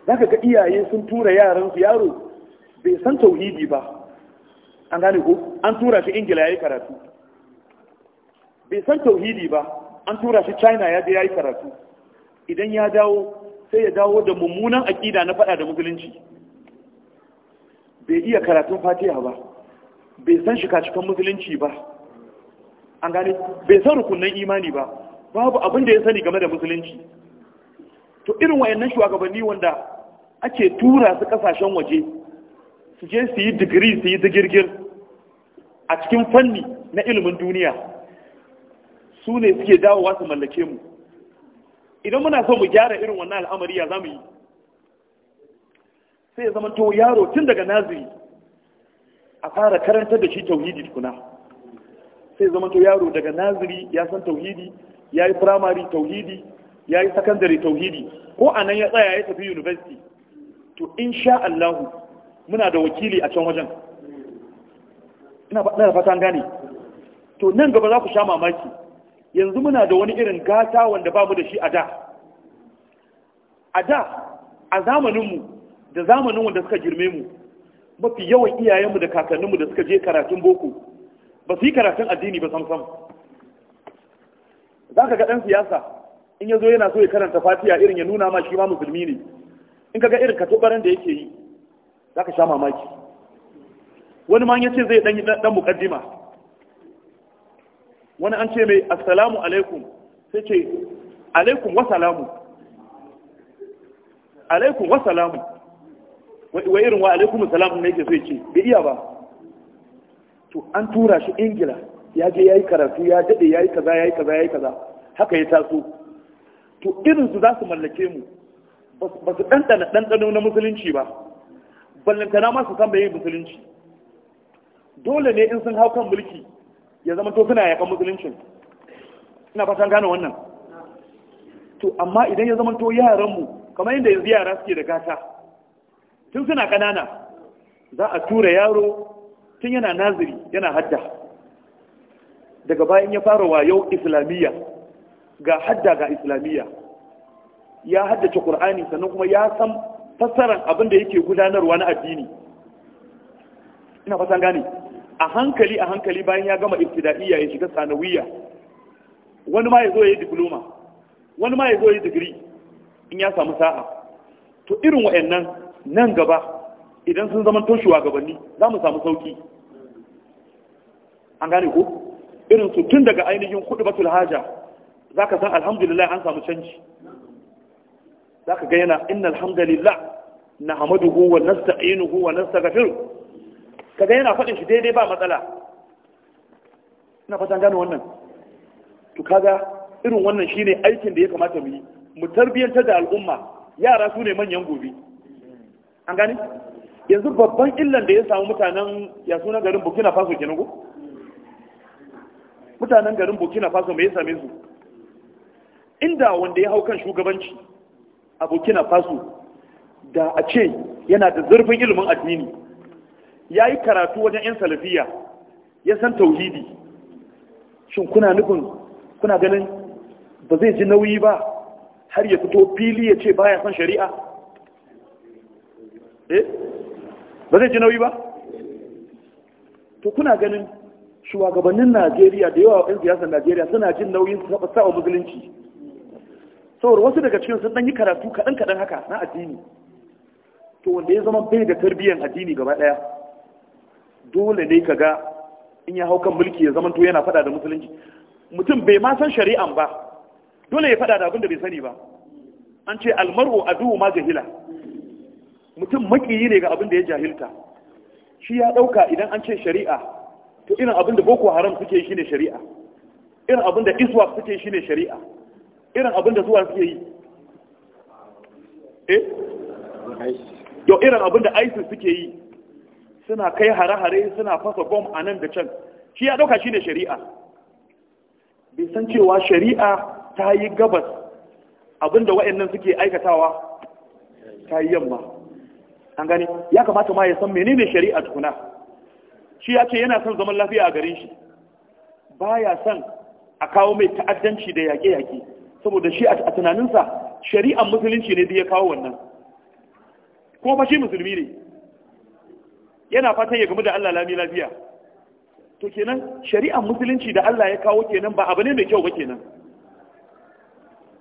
za ka ga iyaye sun tura yaran su yaro bai san tauhidi ba an gane ko an tura shi ingila ya yi karatu bai san tauhidi ba an tura shi china ya je yi karatu idan ya dawo sai ya dawo da mummunan aƙida na faɗa da musulunci bai iya karatun fatiha ba bai san shika cikin musulunci ba an gane bai san rukunan imani ba babu abin da ya sani game da musulunci to irin wayannan shugabanni wanda ake tura su kasashen waje su je su yi digiri su yi digirgir a cikin fanni na ilimin duniya su ne suke dawowa su mallake mu idan muna so mu gyara irin wannan al'amari ya zamu yi sai ya zama to yaro tun daga naziri a fara karantar da shi tauhidi tukuna sai ya zama to yaro daga naziri ya san tauhidi ya yi firamare tauhidi ya yi sakandare tauhidi ko a nan ya tsaya ya tafi university to in sha Allah, muna da wakili a can wajen ina da fatan gane to nan gaba za ku sha mamaki yanzu muna da wani irin gata wanda babu da shi a da a da a zamaninmu da zamanin wanda suka girme mu mafi yawan iyayenmu da kakanninmu da suka je karatun boko ba su yi karatun addini ba sam-sam za ka ga ɗan siyasa in ya zo yana so ya karanta fatiya irin ya nuna ma shi ma musulmi ne in kaga irin katubaran da yake yi za ka sha mamaki wani ma ya ce zai ɗan dan mukaddima wani an ce mai assalamu alaikum sai ce alaikum wa salamu alaikum wa salamu wa irin wa alaikum salamu ne yake so ya ce bai iya ba to an tura shi ingila ya je ya yi karatu ya daɗe ya yi kaza ya yi kaza ya yi kaza haka ya taso to su za su mallake mu ba su ɗanɗana ɗanɗano na musulunci ba ballantana ma su san bai musulunci dole ne in sun hau kan mulki ya zama to suna yakan musuluncin ina fatan gane wannan to amma idan ya zama to yaranmu kamar yadda yanzu yara suke da gata tun suna ƙanana za a tura yaro tun yana naziri yana hadda daga bayan ya fara wayo islamiyya ga hadda ga islamiyya ya haddace qur'ani sannan kuma ya san fassaran abin da yake gudanarwa na addini ina fatan gane a hankali a hankali bayan ya gama ibtida'iyya ya shiga sanawiyya wani ma ya zo ya yi diploma wani ma ya zo ya yi digiri in ya samu sa'a to irin wa'annan nan gaba idan sun zama toshewa gabanni za mu samu sauki an gane ko irin su tun daga ainihin kudu batul haja za ka san alhamdulillah an samu canji za ka ga yana inna alhamdulillah na hamadu huwa nasta inu huwa na gafiru ka ga yana faɗin shi daidai ba matsala ina fatan gano wannan to kaga irin wannan shine aikin da ya kamata mu yi mu tarbiyyantar da al'umma yara su ne manyan gobe an gane yanzu babban illan da ya samu mutanen ya suna garin burkina faso kenan ko mutanen garin burkina faso me ya same su inda wanda ya hau kan shugabanci a faso da a ce yana da zurfin ilimin addini ya yi karatu wajen 'yan salafiya ya san tauhidi shin kuna nufin kuna ganin ba zai ji nauyi ba har ya fito fili ya ce baya son shari'a eh ba zai ji nauyi ba to kuna ganin shugabannin najeriya da yawa 'yan siyasar najeriya suna jin nauyin saba musulunci saboda wasu daga cikin sun yi karatu kaɗan kaɗan haka na addini to wanda ya zama bai da tarbiyyar addini gaba ɗaya dole ne ka ga in ya hau kan mulki ya zama to yana faɗa da musulunci mutum bai ma san shari'an ba dole ya faɗa da abin da bai sani ba an ce almar'u duhu ma jahila mutum makiyi ne ga abin da ya jahilta shi ya ɗauka idan an ce shari'a to irin abin da boko haram suke shi ne shari'a irin abin da iswa suke shi ne shari'a irin abin da zuwa suke yi eh yau irin abin da isis suke yi suna kai hare-hare suna fasa bom a nan da can shi ya dauka shi ne shari'a bai san cewa shari'a ta yi gabas abin da wa'annan suke aikatawa ta yi yamma an gani ya kamata ma ya san menene shari'a tukuna shi ya ce yana son zaman lafiya a garin shi baya son a kawo mai ta'addanci da yaƙe-yaƙe saboda shi a tunaninsa shari'an musulunci ne da ya kawo wannan ko fashi musulmi ne yana fatan ya gamu da Allah lami lafiya to kenan shari'an musulunci da Allah ya kawo kenan ba abu ne mai kyau ba kenan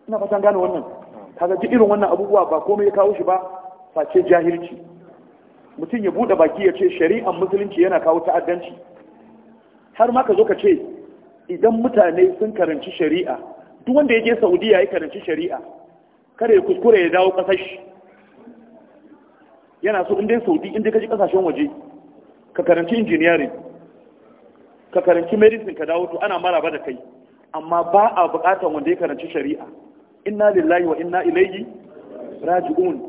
ina fatan gane wannan kaga ji irin wannan abubuwa ba komai ya kawo shi ba face jahilci mutum ya bude baki ya ce shari'an musulunci yana kawo ta'addanci har ma ka zo ka ce idan mutane sun karanci shari'a duk wanda ya je saudiya ya karanci shari'a kada ya kuskure ya dawo kasar shi yana so inda saudi inda ka ji ƙasashen waje ka karanci injiniyarin ka karanci medicine ka dawo to ana maraba da kai amma ba a buƙatar wanda ya karanci shari'a inna lillahi wa inna ilaihi raji'un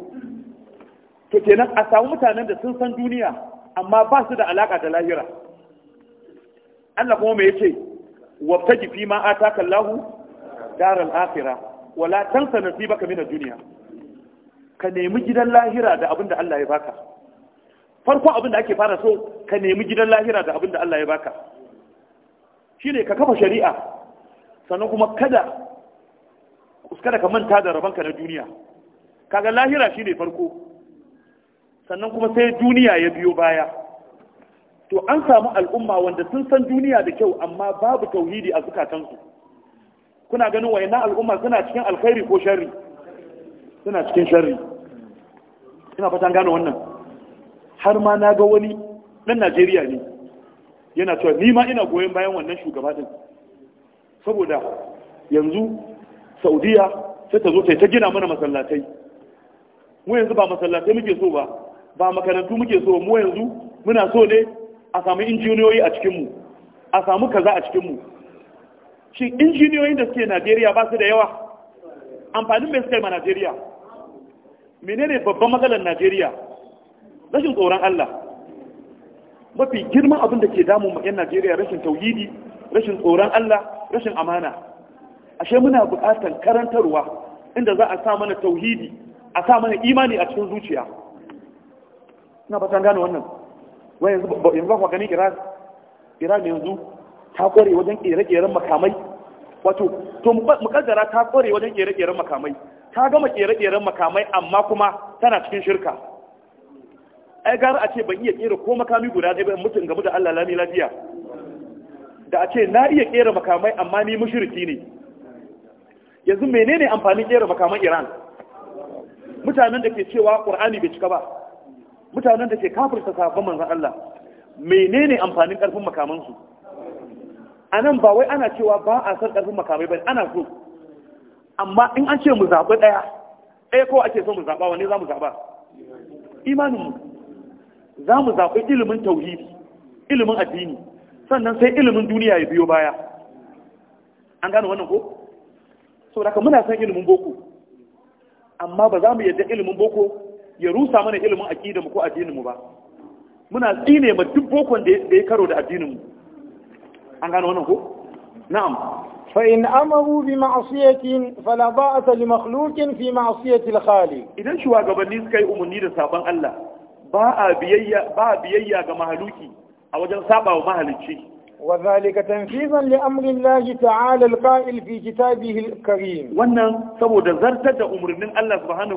to kenan a samu mutanen da sun san duniya amma ba su da alaka da lahira Allah kuma me yace wabtaji fi ma ataka Allahu daral akhirah wala tansa nasibaka min ad-dunya ka nemi gidan lahira da abin da Allah ya baka farko abin da ake fara so ka nemi gidan lahira da abin da Allah ya baka shine ka kafa shari'a sannan kuma kada kada ka manta da rabanka na duniya kaga lahira shine farko sannan kuma sai duniya ya biyo baya to an samu al'umma wanda sun san duniya da kyau amma babu tauhidi a zukatansu kuna ganin wayannan al'umma suna cikin alkhairi ko sharri suna cikin sharri ina fatan gano wannan har ma na ga wani dan Najeriya ne yana cewa ni ma ina goyon bayan wannan shugaba din saboda yanzu Saudiya sai ta zo ta gina mana masallatai mu yanzu ba masallatai muke so ba ba makarantu muke so mu yanzu muna so ne a samu injiniyoyi a cikinmu a samu kaza a cikinmu shi injiniyoyin da suke najeriya ba su da yawa amfanin mai suka yi ma najeriya menene babban matsalar najeriya rashin tsoron allah mafi girman abin da ke damun ma'yan najeriya rashin tauhidi rashin tsoron allah rashin amana ashe muna buƙatar karantarwa inda za a sa mana tauhidi a sa mana imani a cikin zuciya ina ba gane wannan wai yanzu ba ku gani iran iran yanzu ta kware wajen kere-keren makamai wato to mukaddara ta kware wajen kere-keren makamai ta gama kere-keren makamai amma kuma tana cikin shirka ai gara a ce ban iya kera ko makami guda ɗaya ba mutum gamu da Allah lami lafiya da a ce na iya kera makamai amma ni mushriki ne yanzu menene amfanin kera makaman Iran mutanen da ke cewa Qur'ani bai cika ba mutanen da ke kafirta sabon manzon Allah menene amfanin karfin makamansu a nan ba wai ana cewa ba a san ƙarfin makamai ba ana so amma in an ce mu zaɓi ɗaya ɗaya ko ake so mu zaɓa wani za mu zaɓa imaninmu za mu zaɓi ilimin tauhidi ilimin addini sannan sai ilimin duniya ya biyo baya an gane wannan ko so daga muna san ilimin boko amma ba za mu yadda ilimin boko ya rusa mana ilimin mu ko addininmu ba muna tsine ma duk bokon da ya karo da addininmu an gano wannan ko na'am fa in amaru bi ma'siyatin fala ba'ata li makhluqin fi ma'siyati al-khaliq idan shugabanni suka yi umarni da saban Allah ba a biyayya ga mahaluki a wajen saba wa mahalicci wa zalika tanfizan li amri Allah ta'ala al-qa'il fi kitabihi al-karim wannan saboda zartar da umarnin Allah subhanahu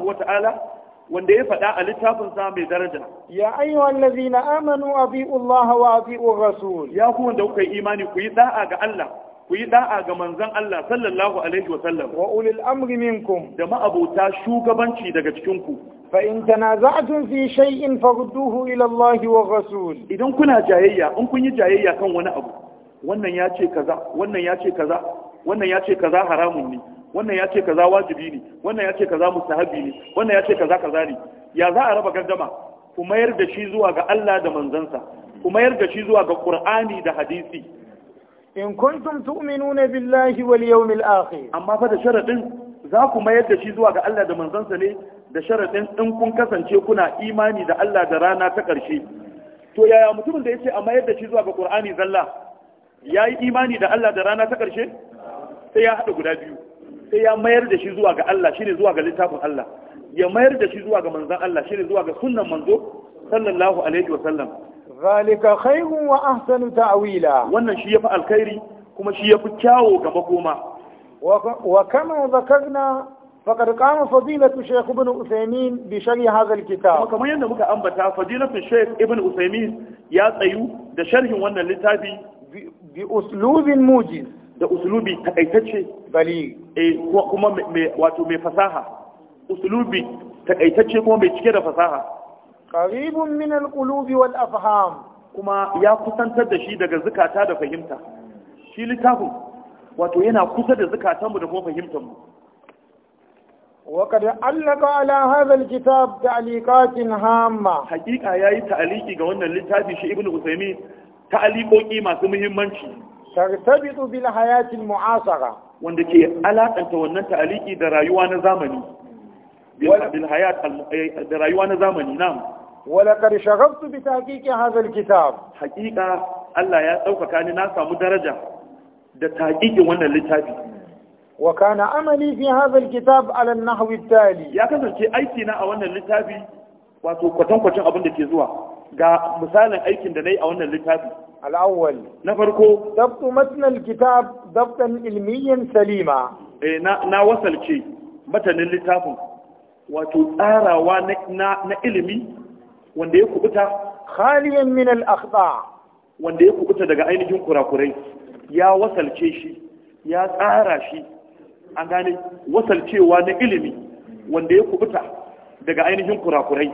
wanda ya faɗa a littafin sa mai daraja ya ayyuhal ladzina amanu abi'u Allah wa abi'u rasul ya ku wanda kuka yi imani ku yi da'a ga Allah ku yi da'a ga manzon Allah sallallahu alaihi wa sallam wa ulil amri minkum da ma'abuta shugabanci daga cikin ku fa in tanaza'tum fi shay'in farudduhu ila Allah wa rasul idan kuna jayayya in kun yi jayayya kan wani abu wannan ya ce kaza wannan ya ce kaza wannan ya ce kaza haramun ne wannan ya ce kaza wajibi ne wannan ya ce kaza mustahabi ne wannan ya ce kaza kaza ne ya za a raba gardama ku mayar da shi zuwa ga Allah da manzansa ku mayar da shi zuwa ga Qur'ani da hadisi in kuntum tu'minuna billahi wal yawmil akhir amma fa da sharadin za ku mayar da shi zuwa ga Allah da manzansa ne da sharadin in kun kasance kuna imani da Allah da rana ta ƙarshe to yaya mutumin da yace a mayar da shi zuwa ga Qur'ani zalla yayi imani da Allah da rana ta ƙarshe sai ya hada guda biyu sai ya mayar da shi zuwa ga Allah shine zuwa ga littafin Allah ya mayar da shi zuwa ga manzon Allah shine zuwa ga sunnan manzo sallallahu alaihi wa sallam zalika khairun wa ahsanu ta'wila wannan shi yafi alkhairi kuma shi yafi kyawo ga makoma wa kama zakarna فقد Fadilatu فضيلة شيخ ابن bi بشرح هذا الكتاب كما يند muka ambata fadilatu shaykh ibn Uthaymeen ya tsayu da sharhin wannan littafi bi uslubin mujiz da usulubi takaitacce bali E, kuma mai wato mai fasaha usulubi takaitacce kuma mai cike da fasaha qaribun min alqulubi wal afham kuma ya kusantar da shi daga zukata da fahimta shi littafin wato yana kusa da zukatanmu da kuma fahimtar mu وقد علق على هذا الكتاب تعليقات هامة حقيقة يا تعليقي ga wannan littafi shi Ibn Usaymin ta'aliqoki masu muhimmanci tartabitu bil hayatil mu'asara wanda ke alakanta wannan ta'aliki da rayuwa na zamani bil hayat eh, da rayuwa na zamani na'am wala kar shaghaftu bi tahqiqi hadha al kitab haqiqa Allah ya daukaka ni na samu daraja da tahqiqin wannan littafi wa kana amali fi hadha al kitab ala an nahwi tali ya kasance aiki na a wannan littafi wato kwatankwacin abin da ke zuwa ga misalin aikin da nayi a wannan littafi al'awwal na farko dabtu matnal kitab dabtan ilmiyan salima eh na wasalce matanin littafin wato tsarawa na na ilimi wanda ya kubuta khaliyan min al akhta wanda ya kubuta daga ainihin kurakurai ya wasalce shi ya tsara shi an gane wasalcewa na ilimi wanda ya kubuta daga ainihin kurakurai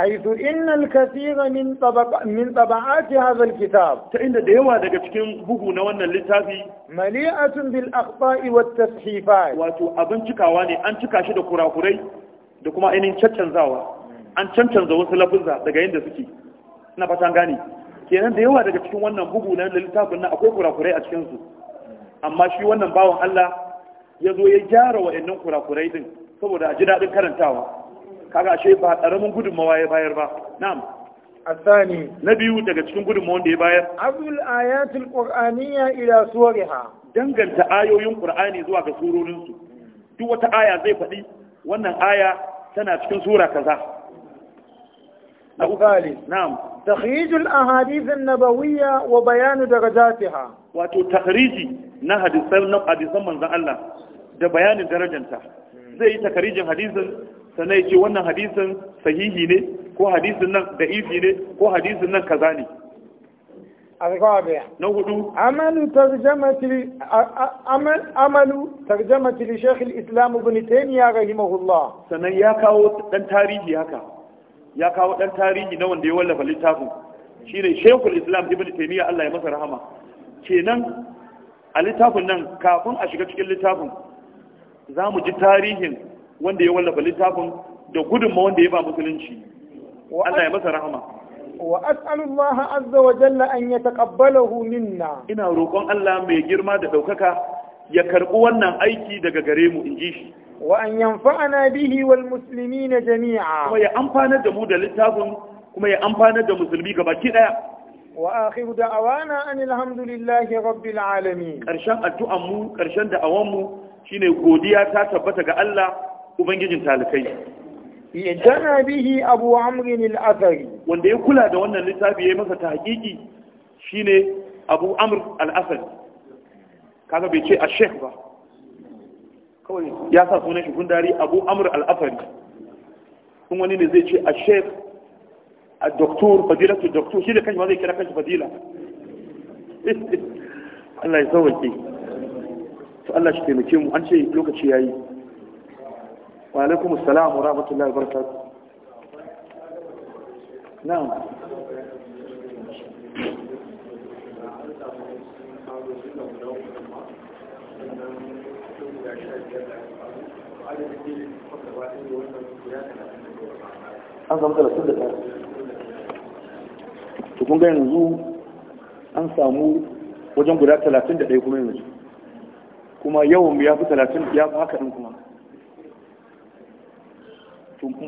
حيث إن الكثير من طبق من طبعات هذا الكتاب تعند ديوا daga cikin bugu na wannan littafi mali'atun bil akhta'i wat tashifat wato abin cikawa ne an cika shi da kurakurai da kuma ainihin cancanzawa an cancanza daga yanda suke ina fatan gane kenan da yawa daga cikin wannan bugu na littafin nan akwai kurakurai a cikin su amma shi wannan bawan Allah ya zo ya gyara wa'annan kurakurai din saboda a ji daɗin karantawa kaga ashe ba karamin gudunmawa ya bayar ba na'am Na biyu daga cikin gudunmawar da ya bayar Abdul ayatul qur'aniyya ila suwariha danganta ayoyin ƙur'ani zuwa ga surorin duk wata aya zai faɗi wannan aya tana cikin sura kaza na ukali na'am takhrijul ahadith an-nabawiyya wa bayan darajatiha wato takhriji na hadisan na Allah da bayanin darajanta zai yi takrijin hadisin sannan ya ce wannan hadisin sahihi ne ko hadisin nan da ifi ne ko hadisin nan kaza ne na hudu amalu islamu shekh islam ibn taymiya rahimahullah sannan ya kawo dan tarihi haka ya kawo dan tarihi na wanda ya wallafa littafin shine shekhul islam ibn taymiya Allah ya masa rahama kenan a littafin nan kafin a shiga cikin littafin za mu ji tarihin wanda ya wallafa littafin da gudunma wanda ya ba musulunci Allah ya masa rahama wa as'alullaha azza wa jalla an yataqabbalahu minna ina roƙon Allah mai girma da daukaka ya karɓi wannan aiki daga gare mu inji shi wa an yanfa'ana bihi wal na jami'a kuma ya amfana da mu da littafin kuma ya amfana da musulmi gabaki daya na دعوانا أن الحمد لله رب Karshen addu'an mu karshen da'awan mu shine godiya ta tabbata ga Allah ubangijin talikai jana bihi abu amrin al-athari wanda ya kula da wannan littafi yayi masa tahqiqi shine abu amr al-asad kaga bai ce ash-sheikh ba kawai ya sa sunan shi dari abu amr al-athari kun wani ne zai ce ash-sheikh al-doktor Fadila to doktor shi da kanshi ma zai kira kanshi fadila *laughs* Allah ya sauke to Allah shi taimake mu an ce lokaci yayi wa alaikum assalam wa rahmatullahi wa barakatuh an samu talatin da ɗaya to ga yanzu an samu wajen guda talatin da ɗaya kuma yanzu kuma yawan ya fi talatin ya fi haka ɗin kuma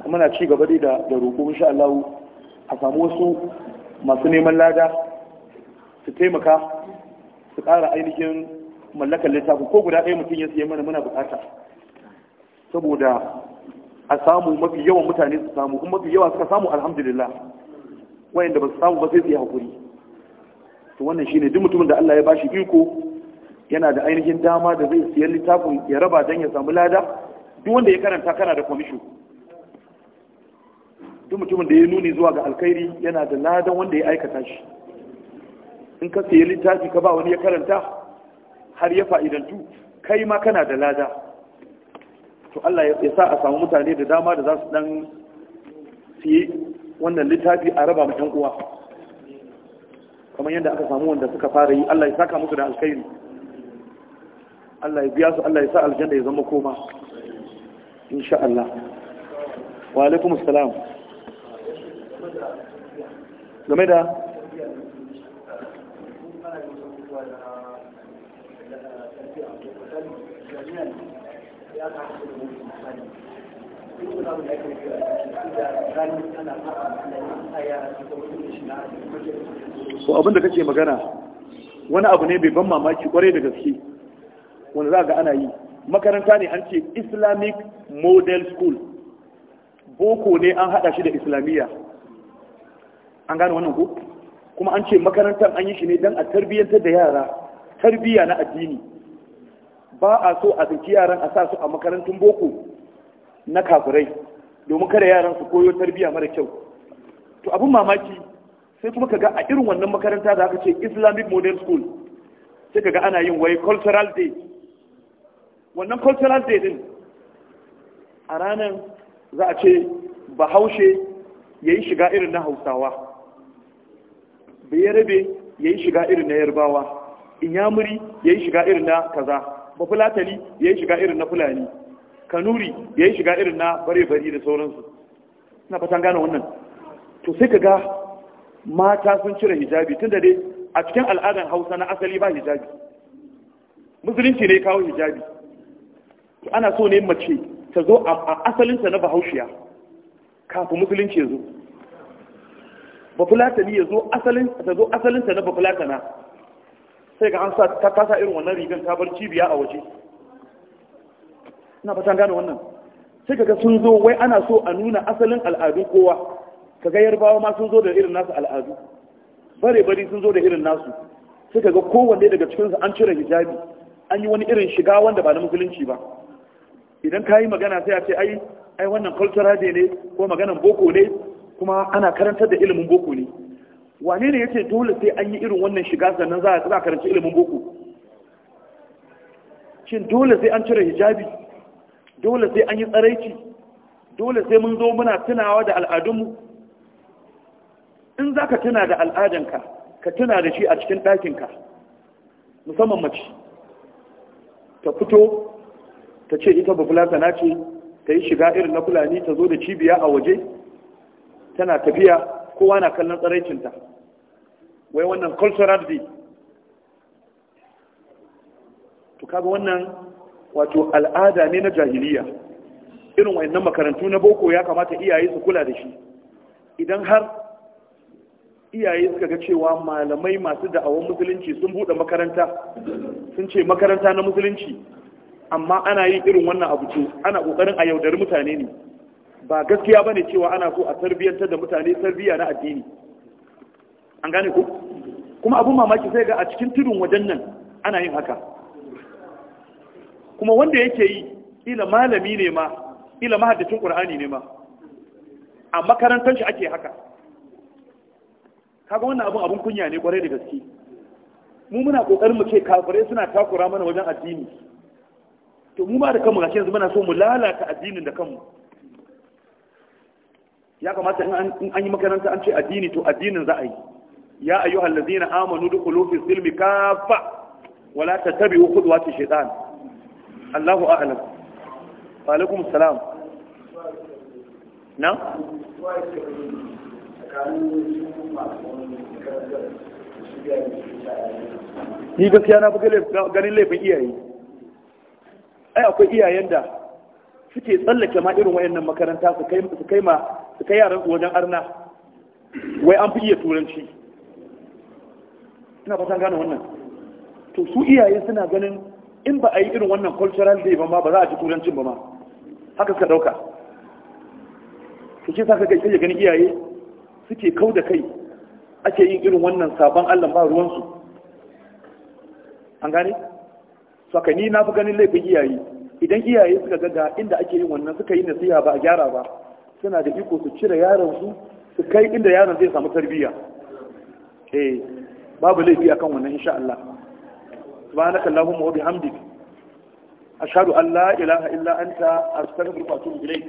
muna ci gaba dai da roƙo insha Allah a samu wasu masu neman lada su taimaka su ƙara ainihin mallakar littafi ko guda ɗaya mutum ya siya mana muna bukata saboda a samu mafi yawan mutane su samu kuma mafi yawa suka samu alhamdulillah wayanda ba su samu ba sai su yi hakuri to wannan shine duk mutumin da Allah ya bashi iko yana da ainihin dama da zai siya littafin ya raba dan ya samu lada duk wanda ya karanta kana da kwamishin duk mutumin da ya nuni zuwa ga alkhairi yana da ladan wanda ya aikata shi in ka sayi littafi ka ba wani ya karanta har ya fa'idantu kai ma kana da lada to Allah ya sa a samu mutane da dama da za su dan siye wannan littafi a raba mutan uwa kamar yadda aka samu wanda suka fara yi Allah ya saka musu da alkhairi Allah ya biya su Allah ya sa aljanna ya zama koma insha Allah wa alaikumus salam game da kake magana wani abu ne bai ban mamaki kwarai da gaske wanda za ga ana yi makaranta ne an ce islamic model school boko ne an hada shi da islamiyya an gane wannan ko kuma an ce makarantar an yi shi ne don a tarbiyyantar da yara tarbiyya na addini ba a so a zaki yaran a sa su a makarantun boko na kafirai domin kada yaran su koyo tarbiyya mara kyau to abin mamaki sai kuma ka ga a irin wannan makaranta da aka ce islamic modern school sai ka ga ana yin wai cultural day wannan cultural day din a ranar za a ce bahaushe ya yi shiga irin na hausawa bayarabe ya yi shiga irin na yarbawa inyamuri ya yi shiga irin na kaza bafulatani ya yi shiga irin na fulani kanuri ya yi shiga irin na bare-bari da sauransu na fatan gane wannan to sai ka ga mata sun cire hijabi tun da dai a cikin al'adar hausa na asali ba hijabi musulunci ne kawo hijabi ana so ne mace ta zo a asalinsa na bahaushiya kafin musulunci ya zo bafulatani ya zo asalin ta zo asalin ta na bafulatana sai ga an sa ta kasa irin wannan rigan ta bar cibiya a waje ina fatan gane wannan sai kaga sun zo wai ana so a nuna asalin al'adu kowa kaga yarbawa ma sun zo da irin nasu al'adu bare bari sun zo da irin nasu sai kaga kowanne daga cikin su an cire hijabi an yi wani irin shiga wanda ba na musulunci ba idan ka yi magana sai a ce ai ai wannan cultural day ne ko maganan boko ne kuma ana karantar da ilimin boko ne wane ne yace dole sai an yi irin wannan shiga sannan za a karanci ilimin boko shin dole sai an cire hijabi dole sai an yi tsaraici dole sai mun zo muna tunawa da al'adunmu in za ka tuna da al'adanka ka tuna da shi a cikin ɗakinka musamman mace ta fito ta ce ita bafulata na ce ta yi shiga irin na fulani ta zo da cibiya a waje tana tafiya kowa na kallon tsaraicinta wai wannan cultural day to kaga wannan wato al'ada ne na jahiliya irin wayannan makarantu na boko ya kamata iyaye su kula da shi idan har iyaye suka ga cewa malamai masu da'awar musulunci sun bude makaranta sun ce makaranta na musulunci amma ana yin irin wannan abu ce, ana kokarin a yaudari mutane ne ba gaskiya bane cewa ana so a tarbiyyantar da mutane tarbiyya na addini an gane ku kuma abun mamaki sai ga a cikin tudun wajen nan ana yin haka kuma wanda yake yi ila malami ne ma ila mahaddacin qur'ani ne ma a makarantar shi ake haka kaga wannan abun abun kunya ne kwarai da gaske mu muna kokarin mu ce kafirai suna takura mana wajen addini to mu ba da kanmu gashi yanzu muna so mu lalata addinin da kanmu ya kamata in an yi makaranta an ce addini to addinin za a yi ya ayyuhal allazina amanu dukhulu fi silmi kafa wala tattabi'u khudwati shaytan Allahu a'lam wa alaikum salam na ni gaskiya na fi ganin laifin iyaye ai akwai iyayen da suke tsallake ma irin wayannan makaranta su kai ma su kai yaran wajen arna wai an fi iya turanci ina fatan gane wannan to su iyaye suna ganin in ba a yi irin wannan cultural day ba ma ba za a ci turancin ba ma haka suka dauka to saka kai sai ganin iyaye suke kau da kai ake yin irin wannan sabon Allah ba ruwansu an gane saka ni na fi ganin laifin iyaye idan iyaye suka ga inda ake yin wannan suka yi nasiha ba a gyara ba suna da iko su cire yaron su su kai inda yaron zai samu tarbiyya eh babu laifi akan wannan insha Allah subhanaka allahumma wa bihamdika ashhadu an la ilaha illa anta astaghfiruka wa atubu ilayk